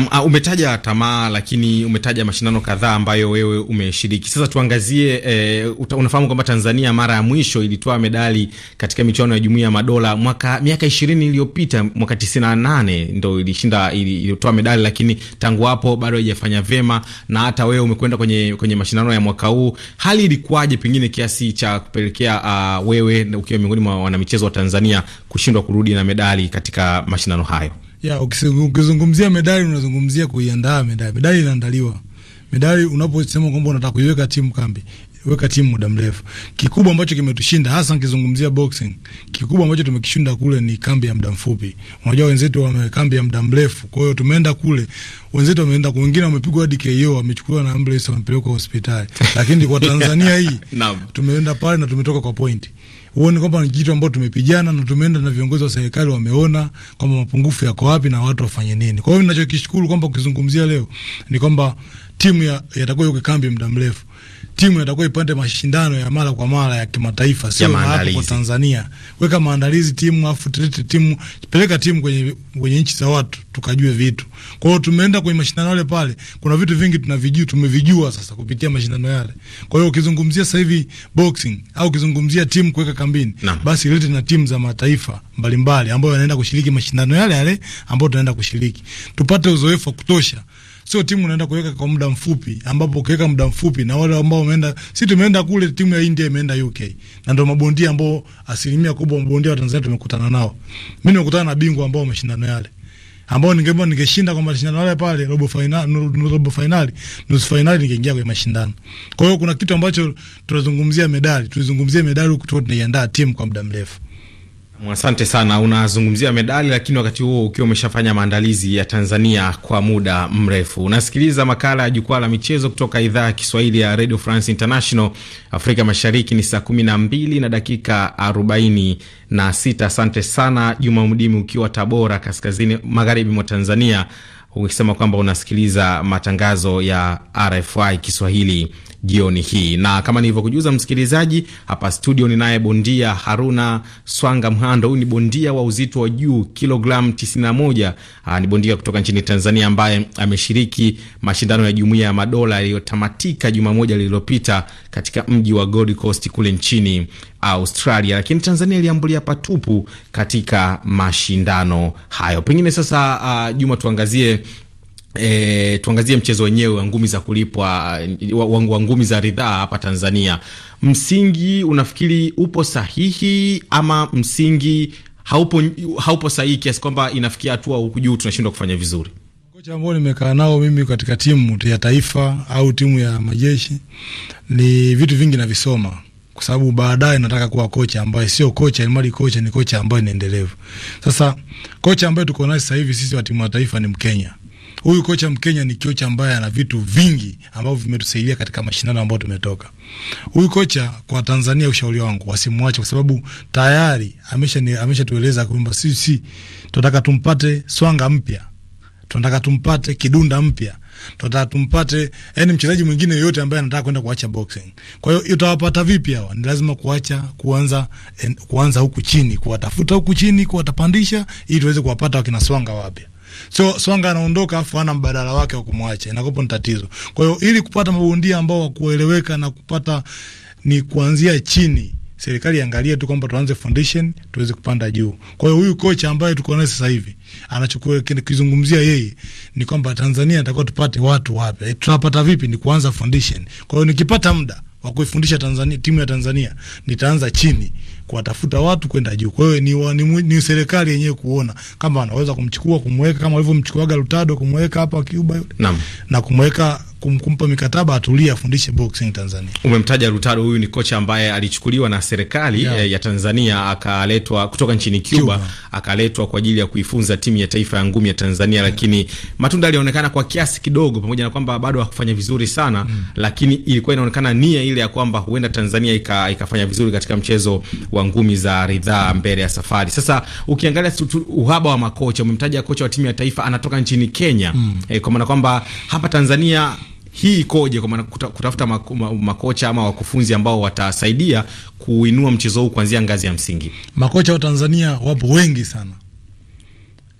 uh, umetaja tamaa, lakini umetaja mashindano kadhaa ambayo wewe umeshiriki. Sasa tuangazie eh, unafahamu kwamba Tanzania mara ya mwisho ilitoa medali katika michuano ya Jumuiya ya Madola mwaka miaka 20 iliyopita mwaka 98 ndio ndo ilishinda ilitoa medali, lakini tangu hapo bado haijafanya vema Na hata wewe umekwenda kwenye, kwenye mashindano ya mwaka huu, hali ilikuwaje pengine kiasi cha kupelekea uh, wewe ukiwa miongoni mwa wanamichezo wa Tanzania kushindwa kurudi na medali katika mashindano hayo? ya ukizungumzia medali unazungumzia kuiandaa medali. Medali inaandaliwa. Medali unaposema kwamba unataka kuiweka timu kambi, weka timu muda mrefu. Kikubwa ambacho kimetushinda hasa nikizungumzia boxing, kikubwa ambacho tumekishinda kule ni kambi ya muda mfupi. Unajua wenzetu wame kambi ya muda mrefu, kwa hiyo tumeenda kule, wenzetu wameenda, wengine wamepigwa hadi KO, wamechukuliwa na ambulance, wamepelekwa hospitali. Lakini kwa Tanzania hii tumeenda pale na tumetoka kwa pointi uone kwamba ni jitu ambao tumepigana na tumeenda na viongozi wa serikali wameona kwamba mapungufu yako wapi na watu wafanye nini. Kwa hiyo ninachokishukuru kwamba ukizungumzia leo ni kwamba timu ya yatakuwa yuko kambi muda mrefu, timu yatakuwa ipande mashindano ya mara kwa mara ya kimataifa, sio hapo kwa Tanzania. Weka maandalizi timu, afu tete timu, peleka timu kwenye kwenye nchi za watu tukajue vitu. Kwa hiyo tumeenda kwenye mashindano yale pale, kuna vitu vingi tunavijua, tumevijua sasa kupitia mashindano yale. Kwa hiyo ukizungumzia sasa hivi boxing au ukizungumzia timu kuweka kambini, na basi lete na timu za mataifa mbalimbali ambayo yanaenda kushiriki mashindano yale yale ambayo tunaenda kushiriki, tupate uzoefu wa kutosha sio timu unaenda kuweka kwa muda mfupi, ambapo ukiweka muda mfupi na wale ambao wameenda, si tumeenda kule, timu ya India imeenda UK, na ndio mabondia ambao asilimia kubwa mabondia wa Tanzania tumekutana nao. Mimi nimekutana na bingwa ambao wameshindana yale ambao ningeomba ningeshinda kwa mashindano yale pale, robo finali, robo finali, nusu finali, ningeingia kwenye mashindano. Kwa hiyo kuna kitu ambacho tunazungumzia medali, tuzungumzie medali kutoka tunaiandaa timu kwa muda mrefu. Asante sana. Unazungumzia medali, lakini wakati huo ukiwa umeshafanya maandalizi ya Tanzania kwa muda mrefu. Unasikiliza makala ya Jukwaa la Michezo kutoka idhaa ya Kiswahili ya Radio France International. Afrika Mashariki ni saa kumi na mbili na dakika arobaini na sita. Asante sana Juma Mdimi, ukiwa Tabora, kaskazini magharibi mwa Tanzania, ukisema kwamba unasikiliza matangazo ya RFI Kiswahili jioni hii, na kama nilivyokujuza msikilizaji, hapa studio ninaye bondia Haruna Swanga Mhando. Huyu ni bondia wa uzito wa juu kilogramu 91. Ah, ni bondia kutoka nchini Tanzania ambaye ameshiriki mashindano ya Jumuiya ya Madola yaliyotamatika juma moja lililopita katika mji wa Gold Coast kule nchini Australia, lakini Tanzania iliambulia patupu katika mashindano hayo. Pengine sasa, uh, Juma, tuangazie E, tuangazie mchezo wenyewe wa ngumi za kulipwa wa wa ngumi za ridhaa hapa Tanzania. Msingi unafikiri upo sahihi ama msingi haupo, haupo sahihi kiasi kwamba inafikia hatua huku juu tunashindwa kufanya vizuri? Kocha ambao nimekaa nao mimi katika timu ya taifa au timu ya majeshi ni vitu vingi navisoma kwa sababu baadaye nataka kuwa kocha ambaye sio kocha ni mali kocha ni kocha ambaye ni endelevu. Sasa kocha ambaye tuko naye sasa hivi sisi wa timu ya taifa ni Mkenya Huyu kocha Mkenya ni kocha ambaye ana vitu vingi ambavyo vimetusaidia katika mashindano ambayo tumetoka. Huyu kocha kwa Tanzania, ushauri wangu wasimwache, kwa sababu tayari amesha ameshatueleza kwamba sisi tunataka tumpate Swanga mpya, tunataka tumpate Kidunda mpya tunataka tumpate yani mchezaji mwingine yoyote ambaye anataka kwenda kuacha boxing. Kwa hiyo utawapata vipi hawa? Ni lazima kuacha kuanza en, kuanza huku chini, kuwatafuta huku chini, kuwatapandisha ili tuweze kuwapata wakina Swanga wapya. So Swanga anaondoka afu ana mbadala wake wa kumwacha, inakopo ni tatizo. Kwa hiyo ili kupata mabondia ambao wa kueleweka na kupata ni kuanzia chini serikali iangalie tu kwamba tuanze foundation tuweze kupanda juu. Kwa hiyo huyu kocha ambaye tuko naye sasa hivi anachukua kizungumzia yeye ni kwamba Tanzania atakuwa tupate watu wapya. E, tunapata vipi? Ni kuanza foundation. Kwa hiyo nikipata muda wa kuifundisha Tanzania, timu ya Tanzania nitaanza chini kuwatafuta watu kwenda juu. Kwa hiyo ni, ni, ni serikali yenyewe kuona kama wanaweza kumchukua kumweka kama walivyomchukuaga Lutado kumweka hapa Cuba na, na kumweka kum, kumpa mikataba atulie afundishe boxing Tanzania. Umemtaja Rutaro, huyu ni kocha ambaye alichukuliwa na serikali yeah, eh, ya Tanzania akaletwa kutoka nchini Cuba, Cuba, akaletwa kwa ajili ya kuifunza timu ya taifa ya ngumi ya Tanzania yeah, lakini matunda alionekana kwa kiasi kidogo, pamoja na kwamba bado hakufanya vizuri sana mm, lakini ilikuwa inaonekana nia ile ya kwamba huenda Tanzania ika, ikafanya vizuri katika mchezo wa ngumi za ridhaa mbele ya safari. Sasa ukiangalia uhaba wa makocha, umemtaja kocha wa timu ya taifa anatoka nchini Kenya mm, E, kwa maana kwamba hapa Tanzania hii ikoje? Kwa maana kutafuta makocha ama wakufunzi ambao watasaidia kuinua mchezo huu kuanzia ngazi ya msingi. Makocha wa Tanzania wapo wengi sana,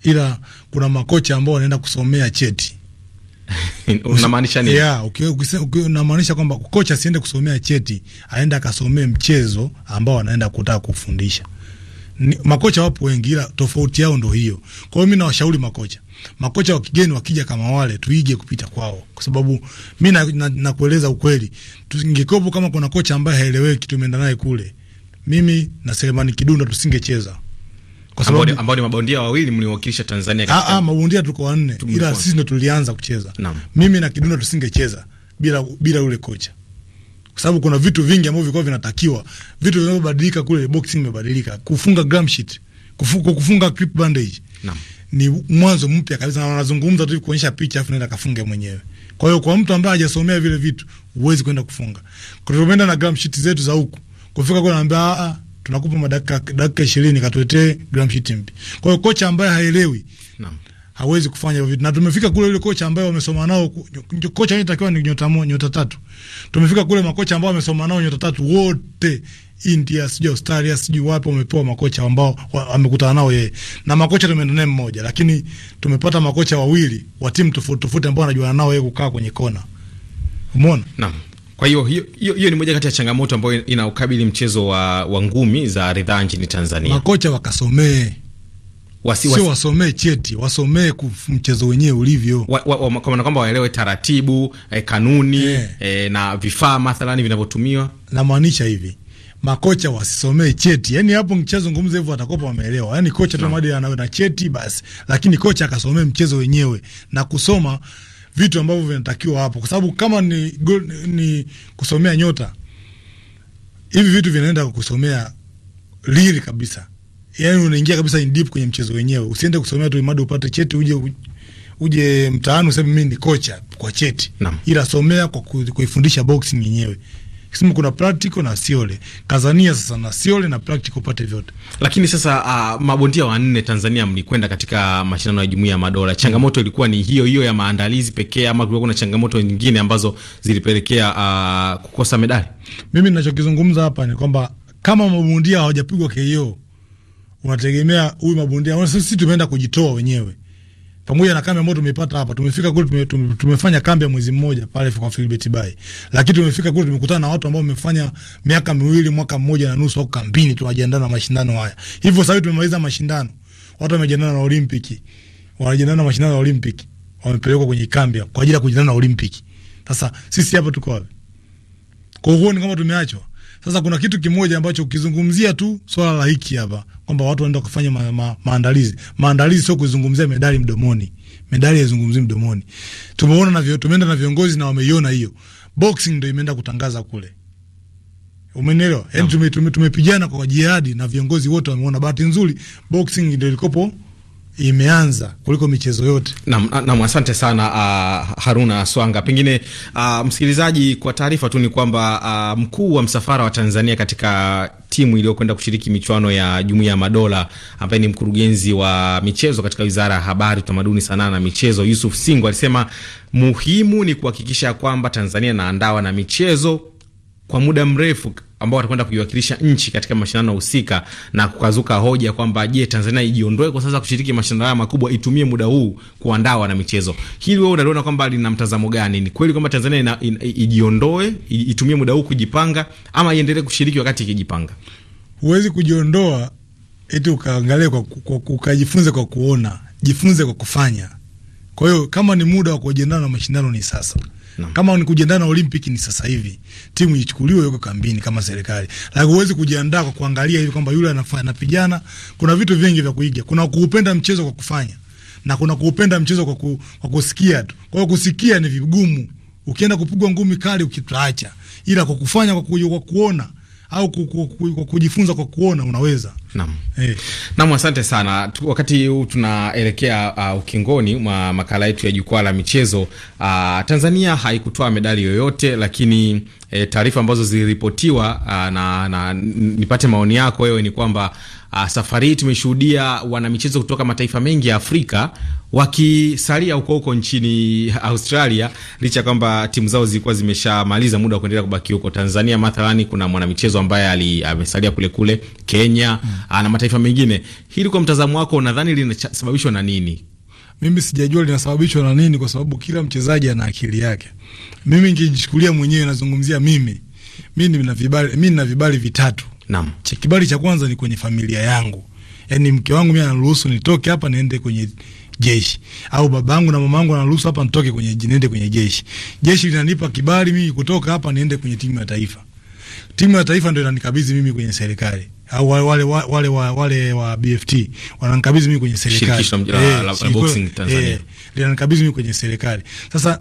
ila kuna makocha ambao wanaenda kusomea cheti Unamaanisha nini? Yeah, unamaanisha kwamba kocha siende kusomea cheti, aende akasomee mchezo ambao anaenda kutaka kufundisha. Makocha wapo wengi, ila tofauti yao ndo hiyo. Kwa hiyo mi nawashauri makocha makocha wa kigeni wakija kama wale, tuige kupita kwao, kwa sababu mi nakueleza na, na ukweli, tusingekopo kama kuna kocha ambaye haeleweki, tumeenda naye kule, mimi na Selemani Kidunda tusingecheza kwa sababu ambao ni mabondia wawili mliwakilisha Tanzania ah, katika ah, mabondia tuko wanne, ila sisi ndo tulianza kucheza Naam. mimi na Kidunda tusingecheza bila bila yule kocha, kwa sababu kuna vitu vingi ambavyo vilikuwa vinatakiwa, vitu vinavyobadilika kule. Boxing imebadilika, kufunga gram sheet, kufunga, kufunga clip bandage Naam ni mwanzo mpya kabisa, na wanazungumza tu kuonyesha picha, afu naenda kafunge mwenyewe. Kwa hiyo kwa mtu ambaye hajasomea vile vitu, huwezi kwenda kufunga. Kwa na gram sheet zetu za huku, kufika kwa naambia a ah, ah, tunakupa madakika dakika 20 katuletee gram sheet mpya. Kwa hiyo kocha ambaye haelewi, naam, hawezi kufanya hivyo vitu. Na tumefika kule yule kocha ambaye wamesoma nao, kocha anatakiwa ni nyota moja, nyota tatu. Tumefika kule makocha ambao wamesoma nao nyota tatu wote, India sijui Australia sijui wapi wamepewa makocha ambao wa, amekutana nao yeye na makocha tumeenda naye mmoja, lakini tumepata makocha wawili wa timu tofauti tofauti ambao wanajuana nao yeye kukaa kwenye kona, umeona? Naam. Kwa hiyo hiyo ni moja kati ya changamoto ambayo inaukabili mchezo wa, wa ngumi za ridhaa nchini Tanzania. Makocha wakasomee Wasi, wasi. Sio wasomee cheti, wasomee mchezo wenyewe ulivyo, kwa maana wa, kwamba waelewe taratibu eh, kanuni yeah. eh, na vifaa mathalani vinavyotumiwa. Namaanisha hivi makocha wasisomee cheti. Yani hapo mchezo ngumze hivyo atakopa wameelewa. Yani kocha tu madi anawe na cheti basi, lakini kocha akasomee mchezo wenyewe na kusoma vitu ambavyo vinatakiwa hapo, kwa sababu kama ni, ni kusomea nyota, hivi vitu vinaenda kusomea lili kabisa. Yani unaingia kabisa in deep kwenye mchezo wenyewe, usiende kusomea tu mada upate cheti uje uje mtaani useme mimi ni kocha kwa cheti ila somea kwa kuifundisha boxing yenyewe Kisimu kuna practical na siole. kazania sasa na siole na practical pate vyote. Lakini sasa uh, mabondia wanne Tanzania mlikwenda katika mashindano ya Jumuiya ya Madola. Changamoto ilikuwa ni hiyo hiyo ya maandalizi pekee ama kulikuwa kuna changamoto nyingine ambazo zilipelekea uh, kukosa medali? Mimi ninachokizungumza hapa ni kwamba kama mabondia hawajapigwa KO unategemea huyu mabondia, sisi tumeenda kujitoa wenyewe pamoja na kambi ambayo tumepata hapa, tumefika kule, tume, tume, tumefanya kambi ya mwezi mmoja pale kwa Philbert Bay, lakini tumefika kule, tumekutana na watu ambao wamefanya miaka miwili, mwaka mmoja na nusu, au kambini, tunajiandaa na mashindano haya. Hivyo sasa tumemaliza mashindano, watu wamejiandaa na Olimpiki, wanajiandaa na mashindano ya Olimpiki, wamepelekwa kwenye kambi kwa ajili ya kujiandaa na Olimpiki. Sasa sisi hapa tuko wapi? Kwa hiyo ni kama tumeachwa sasa kuna kitu kimoja ambacho ukizungumzia tu swala la hiki hapa kwamba watu wanaenda kufanya ma, ma, maandalizi, maandalizi sio kuzungumzia medali mdomoni, medali haizungumzi mdomoni. Tumeona na tumeenda na viongozi na wameiona hiyo. Boxing ndio imeenda kutangaza kule, umenielewa? Yani tumepigana tume, tume kwa jihadi na viongozi wote wameona. Bahati nzuri boxing ndio ilikopo imeanza kuliko michezo yote. Nam, na, asante sana uh, Haruna Swanga. Pengine uh, msikilizaji, kwa taarifa tu ni kwamba uh, mkuu wa msafara wa Tanzania katika timu iliyokwenda kushiriki michuano ya Jumuiya ya Madola ambaye ni mkurugenzi wa michezo katika Wizara ya Habari, Utamaduni, Sanaa na Michezo, Yusuf Singo alisema muhimu ni kuhakikisha kwamba Tanzania inaandawa na michezo kwa muda mrefu ambao watakwenda kuiwakilisha nchi katika mashindano husika, na kukazuka hoja kwamba je, Tanzania ijiondoe kwa sasa kushiriki mashindano haya makubwa, itumie muda huu kuandaa wana michezo. Hili wewe unaliona kwamba lina mtazamo gani? Ni kweli kwamba Tanzania ina, in, ijiondoe itumie muda huu kujipanga, ama iendelee kushiriki wakati ikijipanga? Huwezi kujiondoa eti ukaangalia kwa, kwa, ukajifunze kwa kuona, jifunze kwa kufanya. Kwa hiyo kama ni muda wa kujiandaa na mashindano ni sasa. No. Kama ni kujiandaa na Olimpiki ni sasa hivi. Timu ichukuliwe yuko kambini kama serikali. Lakini huwezi kujiandaa kwa kuangalia hivi kwamba yule anafanya anapigana. Kuna vitu vingi vya kuiga. Kuna kuupenda mchezo kwa kufanya na kuna kuupenda mchezo kwa, ku, kwa kusikia tu. Kwa hiyo kusikia ni vigumu. Ukienda kupigwa ngumi kali ukituacha, Ila kwa kufanya kwa, ku, kwa kuona au kujifunza kwa kuona unaweza. Naam, hey. Eh. Naam, asante sana. Wakati huu tunaelekea uh, ukingoni mwa makala yetu ya jukwaa la michezo uh, Tanzania haikutoa medali yoyote, lakini eh, taarifa ambazo ziliripotiwa uh, na, na nipate maoni yako wewe ni kwamba Uh, safari hii tumeshuhudia wanamichezo kutoka mataifa mengi ya Afrika wakisalia huko huko nchini Australia licha ya kwamba timu zao zilikuwa zimeshamaliza muda wa kuendelea kubaki huko. Tanzania mathalani, kuna mwanamichezo ambaye amesalia kule kule Kenya hmm, ah, na mataifa mengine. Hili kwa mtazamo wako unadhani linasababishwa na nini? Mimi sijajua linasababishwa na nini, kwa sababu kila mchezaji ana akili yake. Mimi nkijichukulia mwenyewe, nazungumzia mimi, mi nina vibali, mi nina vibali vitatu Naam. Kibali cha kwanza ni kwenye familia yangu, yaani mke wangu mimi anaruhusu nitoke hapa niende kwenye jeshi au babangu na mamangu anaruhusu hapa nitoke kwenye niende kwenye jeshi. Jeshi linanipa kibali mimi kutoka hapa niende kwenye timu ya taifa. Timu ya taifa ndio inanikabidhi mimi kwenye serikali au wale wale wale wa, wale wa BFT wananikabidhi mimi kwenye serikali. Shirikisho la, eh, la, la boxing Tanzania. Eh, linanikabidhi mimi kwenye serikali. Sasa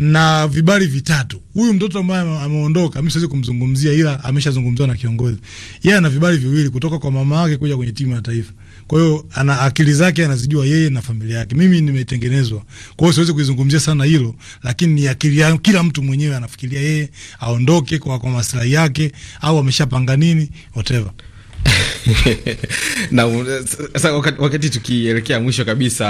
na vibali vitatu. Huyu mtoto ambaye ameondoka, mimi siwezi kumzungumzia, ila ameshazungumziwa na kiongozi. Yeye ana vibali viwili kutoka kwa mama wake kuja kwenye timu ya taifa. Kwa hiyo ana akili zake anazijua yeye na familia yake. Mimi nimetengenezwa, kwa hiyo siwezi kuizungumzia sana hilo, lakini ni akili ya kila mtu mwenyewe, anafikiria yeye aondoke kwa kwa maslahi yake, au ameshapanga nini whatever. na sasa wakati, wakati tukielekea mwisho kabisa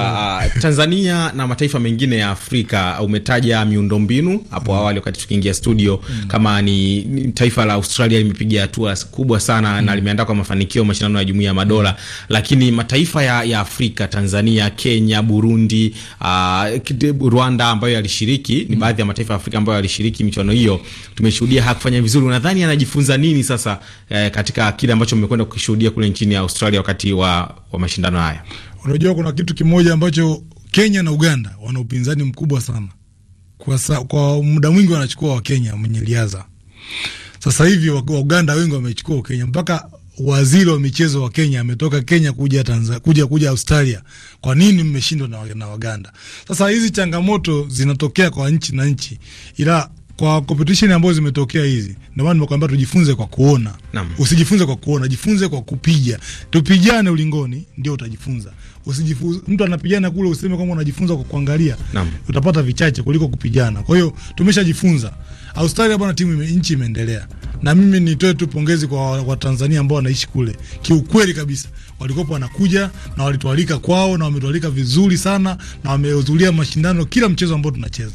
uh, Tanzania na mataifa mengine ya Afrika umetaja miundombinu hapo mm. awali wakati tukiingia studio mm. kama ni, ni taifa la Australia limepiga hatua kubwa sana mm. na limeandaa kwa mafanikio mashindano ya Jumuiya ya Madola, mm. lakini mataifa ya, ya Afrika Tanzania, Kenya, Burundi, uh, Rwanda ambayo yalishiriki ni baadhi ya mataifa ya Afrika ambayo yalishiriki michuano hiyo, tumeshuhudia hakufanya vizuri. Unadhani anajifunza nini sasa eh, katika kile ambacho mmekuwa umekwenda kukishuhudia kule nchini Australia wakati wa, wa mashindano haya? Unajua, kuna kitu kimoja ambacho Kenya na Uganda wana upinzani mkubwa sana kwa, sa, kwa muda mwingi wanachukua Wakenya mwenye liaza Sasa hivi Wauganda wengi wamechukua Ukenya, mpaka waziri wa michezo wa Kenya ametoka Kenya kuja Tanzania, kuja, kuja Australia. Kwa nini mmeshindwa na, na Waganda? Sasa hizi changamoto zinatokea kwa nchi na nchi, ila kwa competition ambazo zimetokea hizi, ndio maana nimekuambia tujifunze kwa kuona. Usijifunze kwa kuona, jifunze kwa kupiga. Tupigane ulingoni ndio utajifunza. Usijifunze mtu anapigana kule useme kwamba unajifunza kwa kuangalia. Utapata vichache kuliko kupigana. Kwa hiyo tumeshajifunza. Australia bwana, timu nchi imeendelea, na mimi nitoe tu pongezi kwa Watanzania ambao wanaishi kule. Kiukweli kabisa walikopo wanakuja na walitualika kwao na wametualika vizuri sana na wamehudhuria mashindano kila mchezo ambao tunacheza.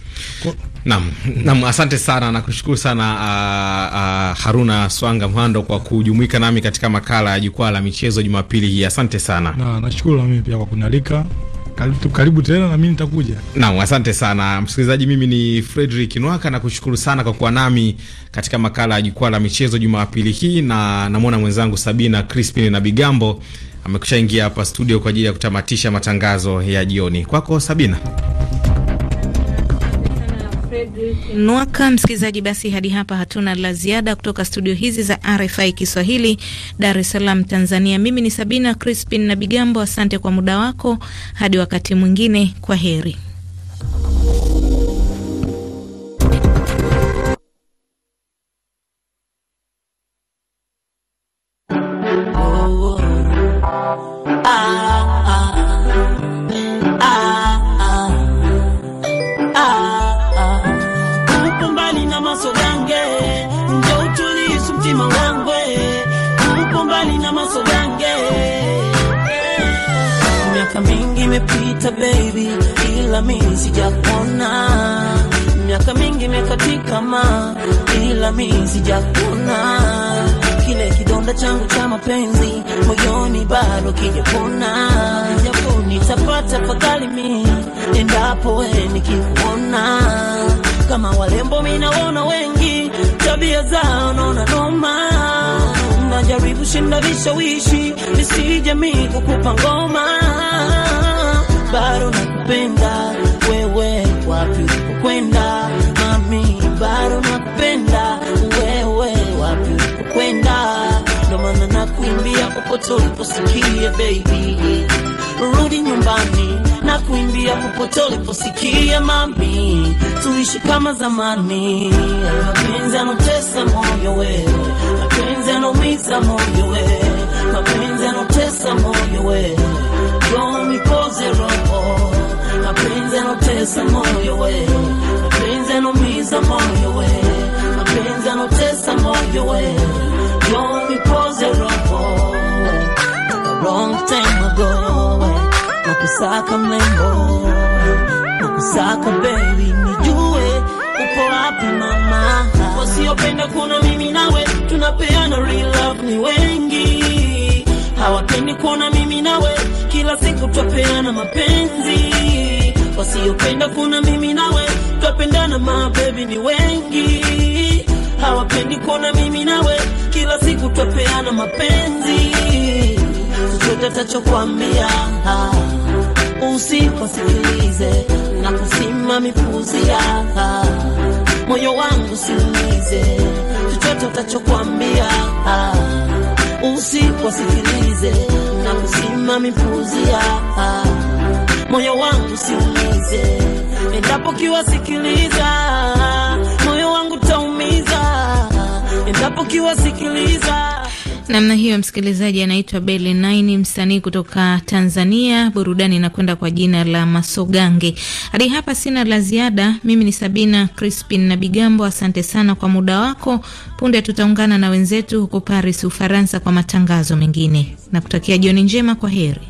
Naam, naam, asante sana na kushukuru sana uh, uh, Haruna Swanga Mhando kwa kujumuika nami katika makala ya jukwaa la michezo Jumapili hii. Asante sana. Na nashukuru mimi pia kwa kunalika karibu, karibu tena na mimi nitakuja. Naam, asante sana msikilizaji, mimi ni Frederick Nwaka na kushukuru sana kwa kuwa nami katika makala ya jukwaa la michezo Jumapili hii, na namwona mwenzangu Sabina Crispin na Bigambo amekushaingia hapa studio kwa ajili ya kutamatisha matangazo ya jioni. Kwako Sabina nwaka msikilizaji. Basi hadi hapa hatuna la ziada kutoka studio hizi za RFI Kiswahili, Dar es Salaam, Tanzania. Mimi ni Sabina Crispin na Bigambo, asante kwa muda wako. Hadi wakati mwingine, kwa heri. mi kukupa ngoma, bado nakupenda wewe, wapi ulipokwenda mami, bado nakupenda wewe, wapi ulipokwenda, ndo maana nakuimbia popote uliposikia baby, rudi nyumbani na kuimbia popote uliposikia mami, tuishi kama zamani. Mapenzi anatesa moyo wewe, mapenzi anaumiza moyo wewe mapenzi yanotesa moyo we, don't pose roho, mapenzi yanotesa moyo we, mapenzi yanomiza moyo we, mapenzi yanotesa moyo we, don't pose roho, long time ago we, nakusaka mlembo, nakusaka baby, nijue upo wapi mama wasiopenda kuona mimi nawe tunapeana real love ni wengi, hawapendi kuona mimi nawe kila siku twapeana mapenzi. Wasiopenda kuona mimi nawe twapendana, mabebi ni wengi, hawapendi kuona mimi nawe kila siku twapeana mapenzi. Chochote tachokwambia usiposikilize na kusimamipuzia moyo wangu usiumize, chochote utachokwambia ah, usikwasikilize na kuzima mipuzia. Ah, ah. Moyo wangu usiumize, endapo kiwasikiliza, moyo wangu taumiza, endapo kiwasikiliza Namna hiyo, msikilizaji, anaitwa Bele Naini, msanii kutoka Tanzania. Burudani inakwenda kwa jina la Masogange. Hadi hapa sina la ziada. Mimi ni Sabina Crispin na Bigambo, asante sana kwa muda wako. Punde tutaungana na wenzetu huko Paris, Ufaransa, kwa matangazo mengine. Nakutakia jioni njema, kwa heri.